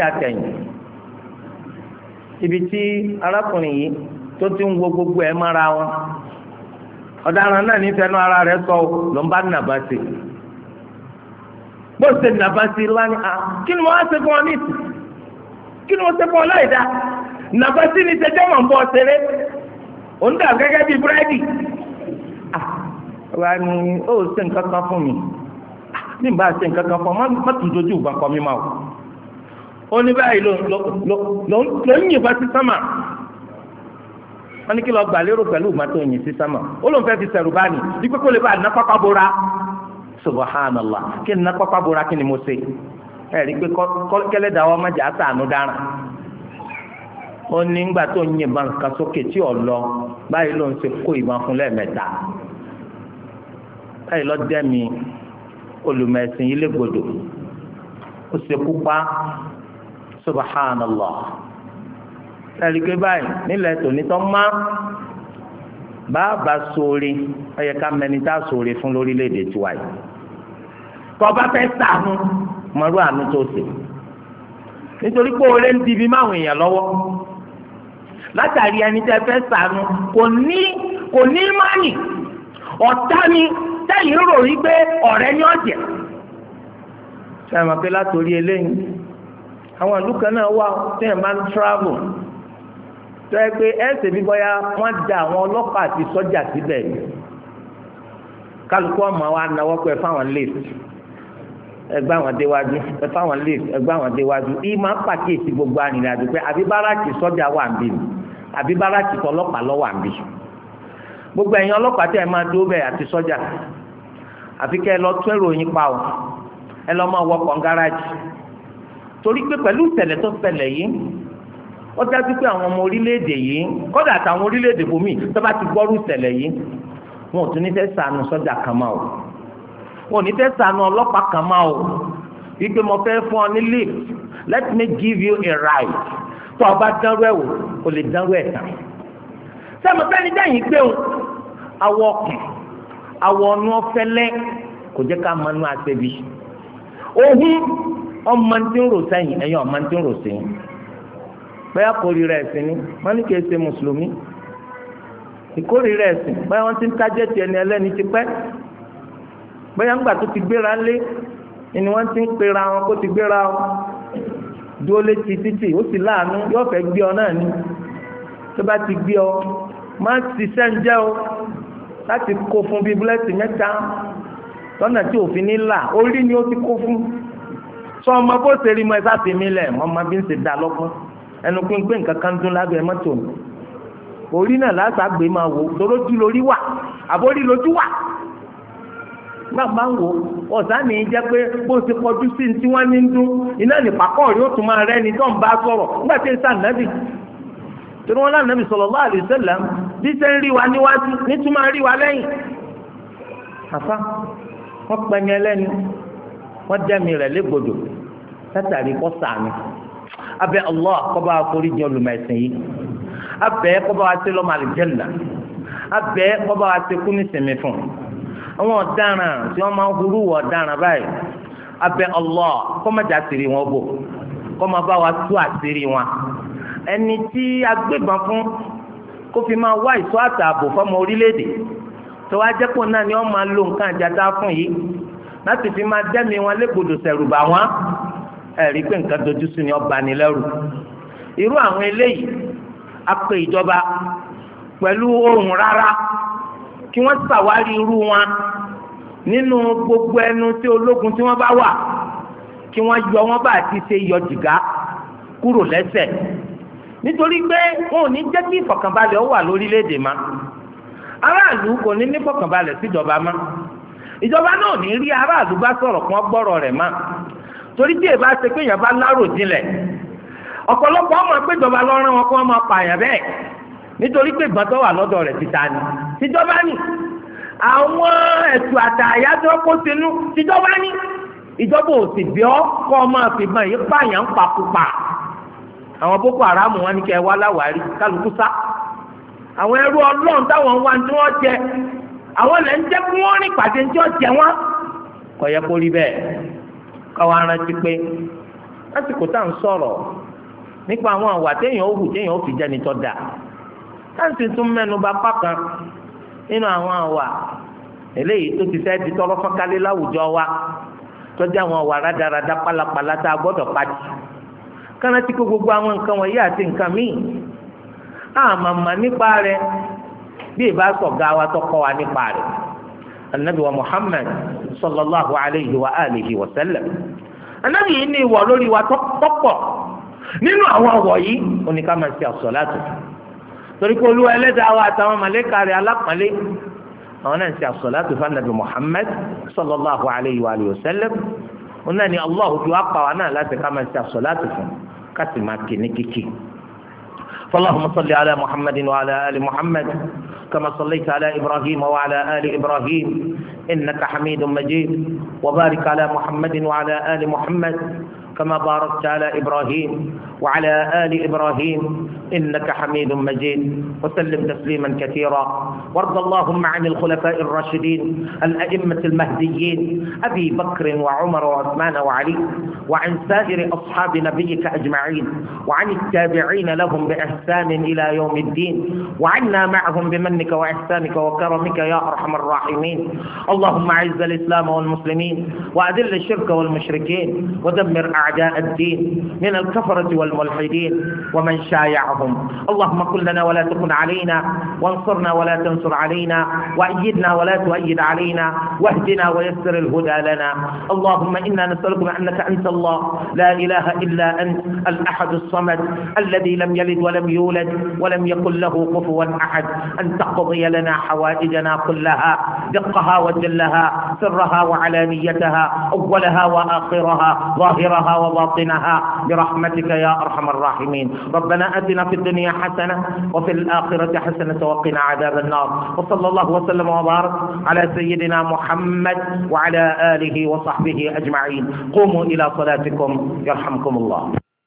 a tá ibi tí arákùnrin yìí tó ti ń wo gbogbo ẹ̀ mọ́ra wọn ọ̀daràn náà nífẹ̀ẹ́nu ara rẹ̀ sọ ló ń bá nàbà sí bó ṣe nàbà sí lánàá à ah, kí ni wọ́n á ṣe fún ọ ní ìsìn kí ni wọ́n ṣe fún ọ láì dá nàbà sí ni ṣe jọ́mọ̀ ń bọ̀ ṣeré òun dà gẹ́gẹ́ bíi búrẹ́dì wa ah, ni ó ṣe nǹkan kan fún mi ah, nígbà ṣe nǹkan kan fún ọ má tún dojú ìgbà kan mi máa wò. ó ní báyìí ló ń yìnbọn sí sámà wọ́n ní kí lọ gbà lérò pẹ̀lú ìgbà tó yìn sí sámà ó lóun fẹ́ fi sẹ̀rù báni dípẹ́ kó lè bá àná bora subahánàlá kí ni bora kí ni mo ṣe ẹ̀rí pé kẹ́lẹ́dà wa má jà sànú dára ó ní ńgbà tó ń yìnbọn kan sókè tí ò lọ báyìí ló ń ṣe kó ìbọn fún lẹ́ẹ̀mẹ́ta báyìí dẹ́mi olùmẹ̀sìn pa subhanallah ẹ̀rí pé báyìí nílẹ̀ tònítọ́ máa bàbá sóore ẹ̀yẹ ká mẹni tá sóore fún lórílẹ̀‐èdè tiwa yìí kọba fẹ́ sàánú mọ̀rú àánú tó ṣe nítorí pé oore ń dibi máwọn èèyàn lọ́wọ́ látàrí ẹni tẹ́ fẹ́ sàánú kò ní kò ní mánì ọ̀tá ni tẹ́yìn rò rí pé ọ̀rẹ́ ni ọ̀jẹ̀ sẹ́wọ̀n pé látòrí eléyìí àwọn àlùkò náà wà tẹ́yìn máa ń travel tó yẹ pé ẹ̀sẹ̀ bí bọ́yá wọ́n da àwọn ọlọ́pàá àti sọ́jà síbẹ̀ kálukú ọmọ wa náwó pé fáwọn late ẹgbẹ́ àwọn déwájú ẹfẹ́ àwọn late ẹgbẹ́ àwọn déwájú yìí máa ń pàkíyèsí gbogbo arìnrìnàjò pé àbí báràkì sọ́jà wà ń bì mí àbí báràkì ọlọ́pàá lọ́ wà ń bì gbogbo ẹ̀yin ọlọ́pàá tẹ̀ máa dúró bẹ̀ àti sọ́jà àfi kẹ́ ẹ lọ tún èrò yín pa ọ ẹ lọ máa wọkọ̀ ń gáràjì torí pé pẹ̀lú ìṣẹ̀lẹ̀ tó ṣẹlẹ̀ yìí ó dájú pé àwọn ọmọ orílẹ̀-èdè yìí kọ́dà àtàwọn orílẹ̀-èdè bòmí tó bá ti gbọ́rú ìṣẹ̀lẹ̀ yìí wọn ò tún ní fẹ́ ṣàánú sọ́jà kan máa o wọn ò ní fẹ́ ṣàánú ọlọ́pàá kan máa o wípé mo fẹ́ fún ọ ní lift let me give you a ride tó o bá dánrú ẹ̀ wò o lè dánrú ẹ̀ tán sẹ́mi fẹ́ni dẹ́yìn pé o awọ ọkùn awọ ọ̀nù ọ̀fẹ́lẹ́ kò jẹ́ ká mọ inú àṣẹbí ohun ọmọ tí ń rò sẹ́yìn ẹ̀yin ọmọ tí ń rò sẹ́yìn bẹ́ẹ̀ kórìíra ẹ̀sìn ni wọ́n ní kí ẹ ṣe mùsùlùmí ìkórìíra ẹ̀sìn bẹ́ẹ̀ wọ́n ti ń tájẹ́ ti ẹni ẹlẹ́ni ti pẹ́ bẹ́ẹ̀ ńgbà tó ti gbéra lé ni wọ́n ti ń pera wọn kó ti gbéra wọn dúró létí títì ó sì láàánú yóò fẹ́ gbé ọ náà ni tó bá ti gbé ọ máa ti sẹ́ńjẹ́ o láti kó fún bíi búlẹ́sì mẹ́ta lọ́nà tí òfin ní là orí ni ó ti kó fún sọ ọmọ bó ṣe rí mọ ẹsẹ àti mi lẹ mọ ọmọ bí ń ṣe dá lọ́gbọ́n ẹnu pé pé nǹkan kan dún lábẹ́ mọ́tò mi orí náà lásà gbé máa wò lójú lórí wà àbórí lójú wà náà máa ń wò jẹ́ pé bó ṣe kọjú sí tí wọ́n ní dún iná nípàkọ́ rí ó tún máa rẹ́ni tó ń bá sọ̀rọ̀ nígbà tí ń sàn nábì torí wọn lánàá bí sallallahu alaihi wasallam bí ṣe ń rí wa níwájú ní tún máa rí wa lẹ́yìn àfa wọ́n m rẹ̀ légbodò látàrí kọ́ abẹ́ Allah kọ́ba àforíjì olùmọ̀ẹ̀sìn yìí abẹ́ kọ́ba wa ti lọ́mọ àlùjẹ́nà abẹ́ kọ́ba wa ti kú fún ọ̀daràn tí wọ́n máa ń hurú wọ̀ ọ̀daràn báyìí abẹ́ Allah wọn bò bá wa tú wọn ẹni tí wá ìṣọ́ àtààbò orílẹ̀-èdè náà ni wọ́n máa lo láti fi máa dẹ́mi wọn légbodò sẹ̀rù bà wọ́n ẹ̀rí pé nǹkan dojú sí ni ọba ni lẹ́rù irú àwọn eléyìí á pe ìjọba pẹ̀lú ohùn rárá kí wọ́n ṣàwárí irú wọn nínú gbogbo ẹnu tí ológun tí wọ́n bá wà kí wọ́n yọ wọ́n bá ti ṣe yọ jìgá kúrò lẹ́sẹ̀ nítorí pé wọn ò ní jẹ́ kí ìfọ̀kànbalẹ̀ ó wà lórílẹ̀‐èdè ma aráàlú kò ní ní ìfọ̀kànbalẹ̀ síjọba ma. ìjọba náà ní rí ará bá sọ̀rọ̀ kan gbọ́rọ̀ rẹ̀ mọ́ torí bí èèbá ṣe pé èèyàn bá lárò jinlẹ̀ ọ̀pọ̀lọpọ̀ ọmọ péjọba lọ́rán wọn kó wọn máa pààyàn bẹ́ẹ̀ nítorí pé ìbọn tó wà lọ́dọ̀ rẹ̀ ti ta ni tìjọba ni àwọn ẹ̀sùn kó sinú tìjọba ni ìjọba ò sì bí ọ boko haram wọn ni wá láwàárí kálukú sá àwọn ẹrú ọlọ́run jẹ àwọn lẹ́ ń jẹ́ kí wọ́n rìn pàdé ń jọ jẹ wọ́n kò yẹ kó rí bẹ́ẹ̀ káwa rántí pé lásìkò tá à ń sọ̀rọ̀ nípa àwọn àwà téèyàn ó hù téèyàn ó fi jẹ́ nítọ́ da táǹtì tún mẹ́nu bà pákan nínú àwọn àwà eléyìí tó ti fẹ́ di tọ́rọ́ fọ́nkálé láwùjọ wa tọ́jú àwọn àwà rádaràda pálapàla tá a gbọ́dọ̀ pàdé káràntí kó gbogbo àwọn nǹkan wọ̀nyí àti nǹkan míì àmàmà nípa rẹ̀ bí ìbá sọ̀gá wa tó kọ́ wa nípa rẹ̀ anabi wa muhammad sallallahu alayhi wa alihi wa sallam anabi yìí ní ìwọ̀ lórí wa tọ́pọ̀ nínú àwọn ọ̀wọ̀ yìí oníkàmá sí àsọ̀látù torí pé olúwa ẹlẹ́dàá wa àtàwọn màlẹ́kà rẹ̀ alápàlẹ́ àwọn náà ń ṣe àsọ̀látù fún anabi muhammad sallallahu alayhi wa alihi wa sallam wọn náà ní allahu ju apá wa náà láti ká máa ṣe àsọ̀látù fún kásì máa kì ní kíkì. فاللهم صل على محمد وعلى آل محمد كما صليت على إبراهيم وعلى آل إبراهيم إنك حميد مجيد وبارك على محمد وعلى آل محمد كما باركت على إبراهيم وعلى آل إبراهيم إنك حميد مجيد وسلم تسليما كثيرا وارض اللهم عن الخلفاء الراشدين الأئمة المهديين أبي بكر وعمر وعثمان وعلي وعن سائر أصحاب نبيك أجمعين وعن التابعين لهم بإحسان إلى يوم الدين وعنا معهم بمنك وإحسانك وكرمك يا أرحم الراحمين اللهم أعز الإسلام والمسلمين وأذل الشرك والمشركين ودمر أعداء الدين من الكفرة والملحدين ومن شايعهم اللهم كن لنا ولا تكن علينا وانصرنا ولا تنصر علينا وأيدنا ولا تؤيد علينا واهدنا ويسر الهدى لنا اللهم إنا نسألك أنك أنت الله لا إله إلا أنت الأحد الصمد الذي لم يلد ولم يولد ولم يكن له كفوا أحد أن تقضي لنا حوائجنا كلها دقها وجلها سرها وعلانيتها أولها وآخرها ظاهرها وباطنها برحمتك يا أرحم الراحمين ربنا أتنا في الدنيا حسنة وفي الآخرة حسنة وقنا عذاب النار وصلى الله وسلم وبارك على سيدنا محمد وعلى آله وصحبه أجمعين قوموا إلى صلاتكم يرحمكم الله